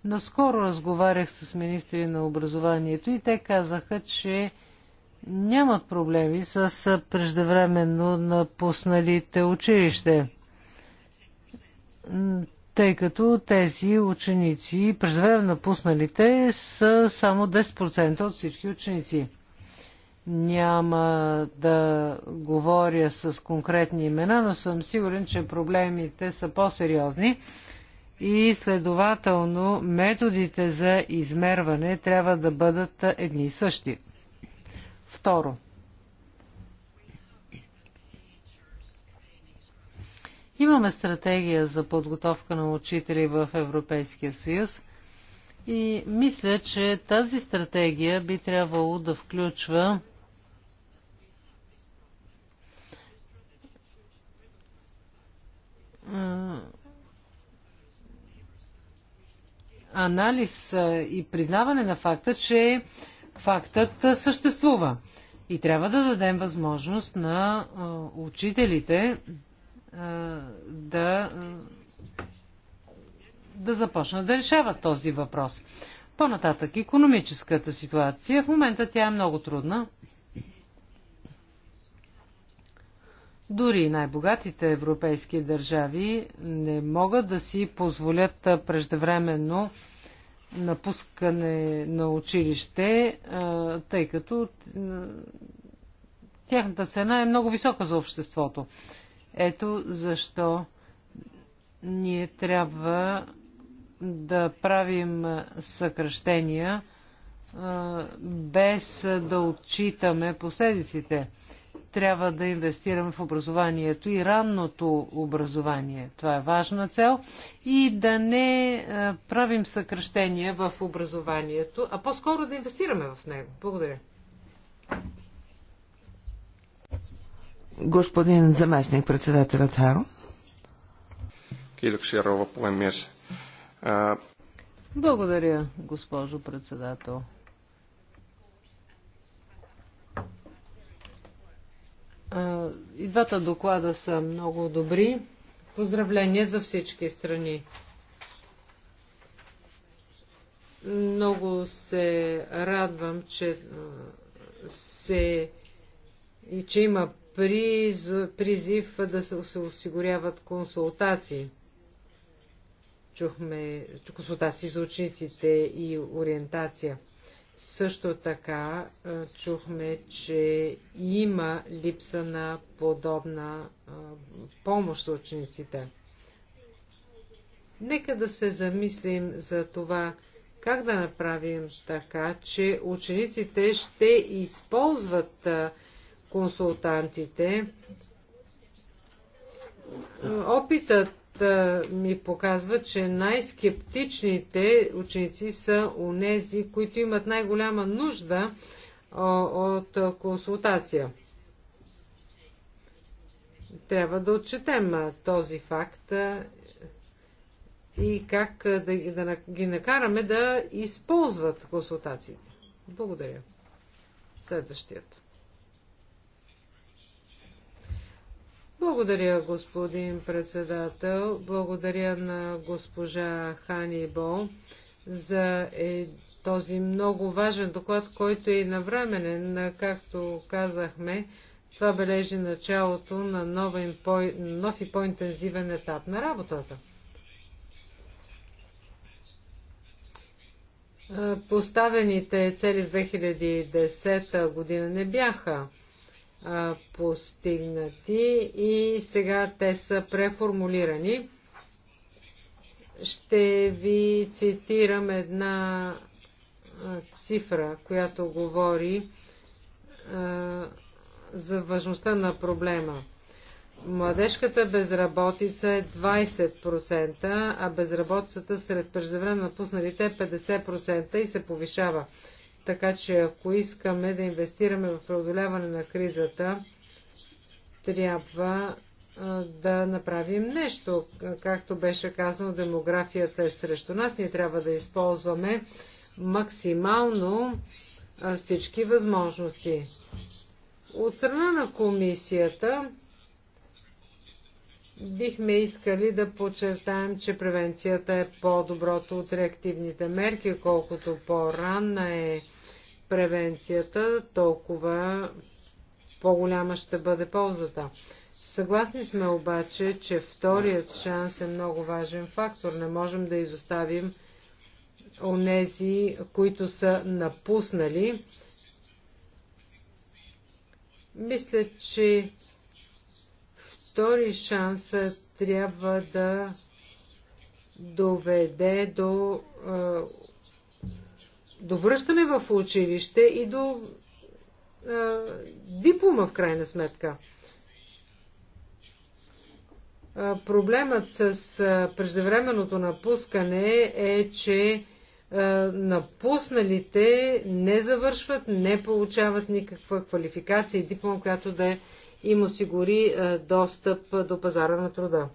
Наскоро разговарях с министри на образованието и те казаха, че нямат проблеми с преждевременно напусналите училище, тъй като тези ученици, преждевременно напусналите, са само 10% от всички ученици. Няма да говоря с конкретни имена, но съм сигурен, че проблемите са по-сериозни и следователно методите за измерване трябва да бъдат едни и същи. Второ. Имаме стратегия за подготовка на учители в Европейския съюз и мисля, че тази стратегия би трябвало да включва анализ и признаване на факта, че фактът съществува. И трябва да дадем възможност на учителите да, да започнат да решават този въпрос. По-нататък, економическата ситуация. В момента тя е много трудна. Дори най-богатите европейски държави не могат да си позволят преждевременно напускане на училище, тъй като тяхната цена е много висока за обществото. Ето защо ние трябва да правим съкръщения без да отчитаме последиците трябва да инвестираме в образованието и ранното образование. Това е важна цел. И да не е, правим съкръщения в образованието, а по-скоро да инвестираме в него. Благодаря. Господин заместник председателят Харо. Благодаря, госпожо председател. И двата доклада са много добри. Поздравления за всички страни. Много се радвам, че се и че има приз, призив да се, се осигуряват консултации. Чухме консултации за учениците и ориентация. Също така чухме, че има липса на подобна помощ за учениците. Нека да се замислим за това, как да направим така, че учениците ще използват консултантите. Опитът ми показва, че най-скептичните ученици са унези, които имат най-голяма нужда от консултация. Трябва да отчетем този факт и как да, да ги накараме да използват консултациите. Благодаря. Следващият. Благодаря, господин председател. Благодаря на госпожа Хани Бо за е, този много важен доклад, който е и навременен, както казахме. Това бележи началото на нов и, по, нов и по-интензивен етап на работата. Е, поставените цели 2010 година не бяха постигнати и сега те са преформулирани. Ще ви цитирам една цифра, която говори за важността на проблема. Младежката безработица е 20%, а безработицата сред преждевременно напусналите е 50% и се повишава. Така че ако искаме да инвестираме в преодоляване на кризата, трябва да направим нещо. Както беше казано, демографията е срещу нас. Ние трябва да използваме максимално всички възможности. От страна на комисията Бихме искали да подчертаем, че превенцията е по-доброто от реактивните мерки. Колкото по-ранна е превенцията, толкова по-голяма ще бъде ползата. Съгласни сме обаче, че вторият шанс е много важен фактор. Не можем да изоставим онези, които са напуснали. Мисля, че втори шанс трябва да доведе до довръщане в училище и до а, диплома в крайна сметка. А, проблемът с а, преждевременното напускане е, че а, напусналите не завършват, не получават никаква квалификация и диплома, която да е им осигури е, достъп е, до пазара на труда.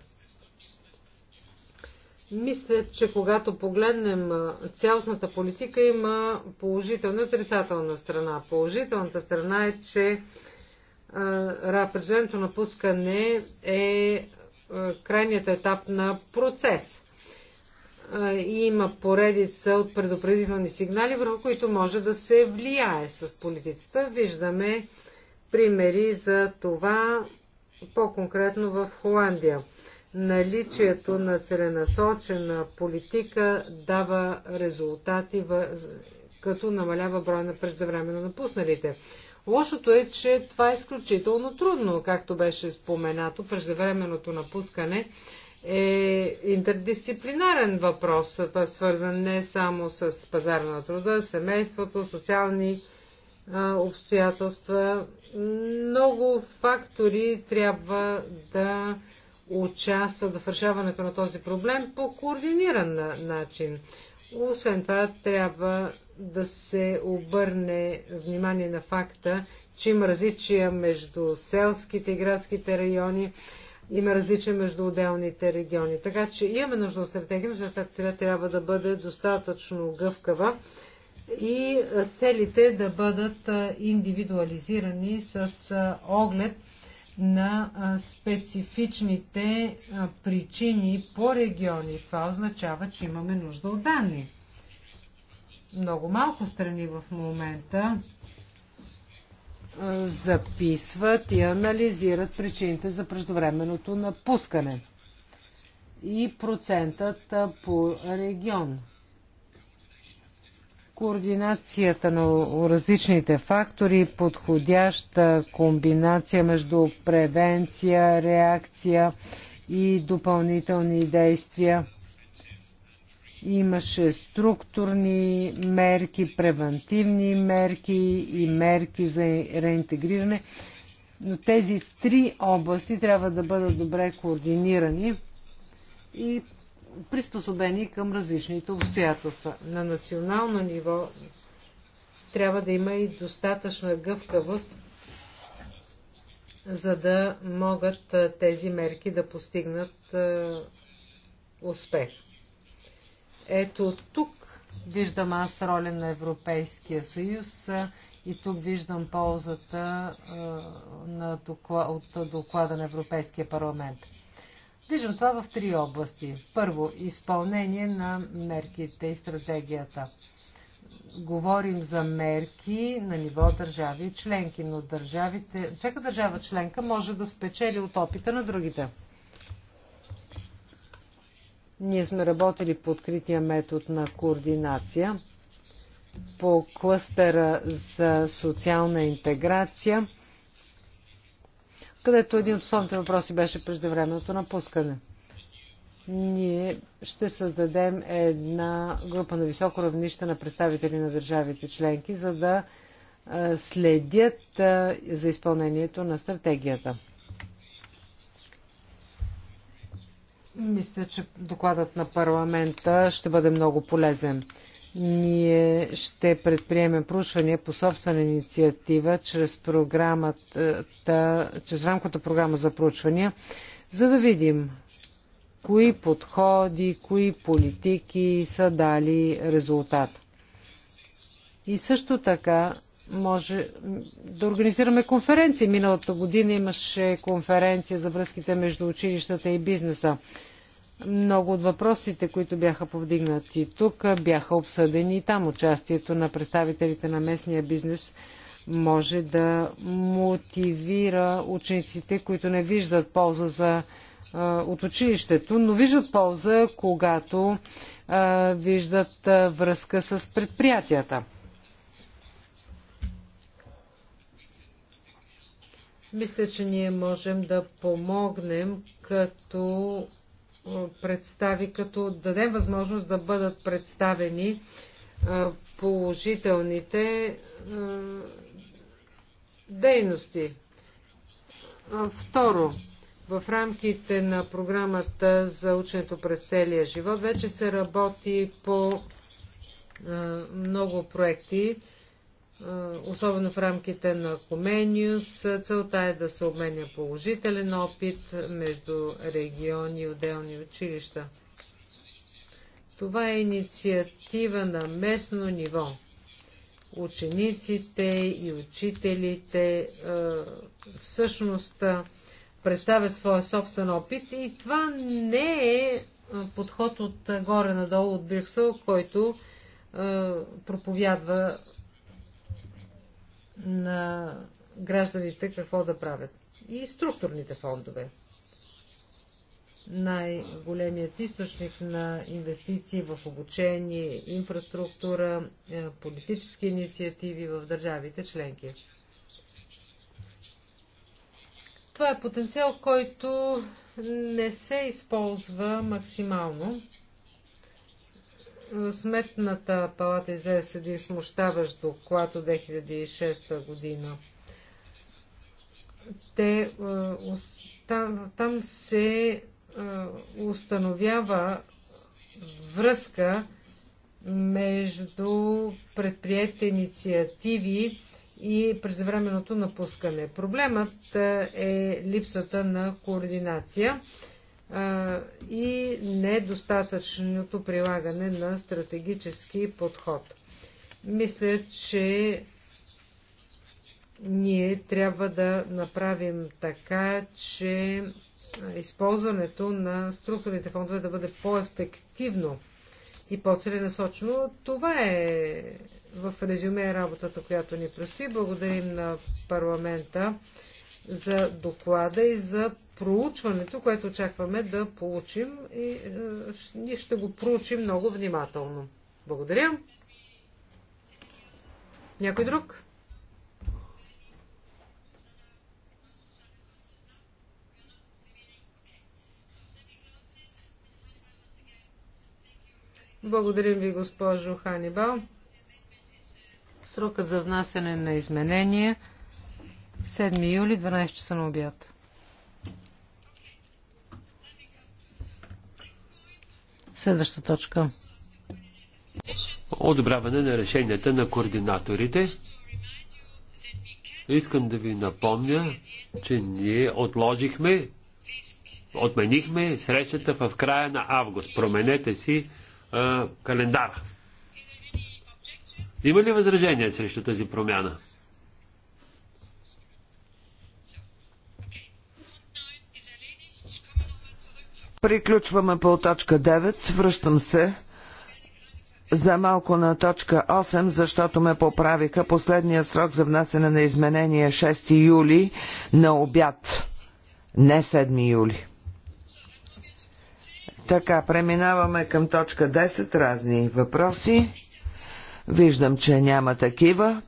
Мисля, че когато погледнем е, цялостната политика, има положителна и отрицателна страна. Положителната страна е, че рапреждането напускане е крайният етап на процес. Има поредица от предупредителни сигнали, върху които може да се влияе с политицата. Виждаме примери за това по-конкретно в Холандия. Наличието на целенасочена политика дава резултати, като намалява броя на преждевременно напусналите. Лошото е, че това е изключително трудно, както беше споменато. Преждевременното напускане е интердисциплинарен въпрос. Той е свързан не само с пазара на труда, семейството, социални обстоятелства. Много фактори трябва да участват в решаването на този проблем по координиран начин. Освен това, трябва да се обърне внимание на факта, че има различия между селските и градските райони, има различия между отделните региони. Така че имаме нужда от стратегия, но тя трябва да бъде достатъчно гъвкава, и целите да бъдат индивидуализирани с оглед на специфичните причини по региони. Това означава, че имаме нужда от данни. Много малко страни в момента записват и анализират причините за преждовременното напускане и процентът по регион координацията на различните фактори, подходяща комбинация между превенция, реакция и допълнителни действия. Имаше структурни мерки, превентивни мерки и мерки за реинтегриране. Но тези три области трябва да бъдат добре координирани и приспособени към различните обстоятелства. На национално ниво трябва да има и достатъчна гъвкавост, за да могат тези мерки да постигнат успех. Ето тук виждам аз роля на Европейския съюз и тук виждам ползата от доклада на Европейския парламент. Виждам това в три области. Първо, изпълнение на мерките и стратегията. Говорим за мерки на ниво държави и членки, но държавите, всяка държава членка може да спечели от опита на другите. Ние сме работили по открития метод на координация, по клъстера за социална интеграция – където един от основните въпроси беше преждевременното напускане. Ние ще създадем една група на високо равнище на представители на държавите членки, за да следят за изпълнението на стратегията. Мисля, че докладът на парламента ще бъде много полезен. Ние ще предприемем проучвания по собствена инициатива чрез, програмата, чрез рамката програма за проучвания, за да видим кои подходи, кои политики са дали резултат. И също така може да организираме конференции. Миналата година имаше конференция за връзките между училищата и бизнеса. Много от въпросите, които бяха повдигнати тук, бяха обсъдени и там. Участието на представителите на местния бизнес може да мотивира учениците, които не виждат полза за, а, от училището, но виждат полза, когато а, виждат а, връзка с предприятията. Мисля, че ние можем да помогнем, като представи, като дадем възможност да бъдат представени положителните дейности. Второ, в рамките на програмата за ученето през целия живот вече се работи по много проекти. Е, особено в рамките на Комениус. Целта е да се обменя положителен опит между региони и отделни училища. Това е инициатива на местно ниво. Учениците и учителите е, всъщност е, представят своя собствен опит и това не е подход от горе надолу от Брюксел, който проповядва на гражданите какво да правят. И структурните фондове. Най-големият източник на инвестиции в обучение, инфраструктура, е, политически инициативи в държавите членки. Това е потенциал, който не се използва максимално. Сметната палата излезе с един смущаващ доклад от 2006 година. Те, е, там, се е, установява връзка между предприятите инициативи и презвременното напускане. Проблемът е липсата на координация и недостатъчното прилагане на стратегически подход. Мисля, че ние трябва да направим така, че използването на структурните фондове да бъде по-ефективно и по-целенасочено. Това е в резюме работата, която ни предстои. Благодарим на парламента за доклада и за проучването, което очакваме да получим и е, ние ще го проучим много внимателно. Благодаря. Някой друг? Благодарим ви, госпожо Ханибал. Срокът за внасяне на изменения 7 юли, 12 часа на обяд. Следваща точка. Одобряване на решенията на координаторите. Искам да ви напомня, че ние отложихме, отменихме срещата в края на август. Променете си а, календара. Има ли възражения срещу тази промяна? Приключваме по точка 9. Връщам се за малко на точка 8, защото ме поправиха последния срок за внасене на изменение 6 е юли на обяд, не 7 юли. Така, преминаваме към точка 10, разни въпроси. Виждам, че няма такива.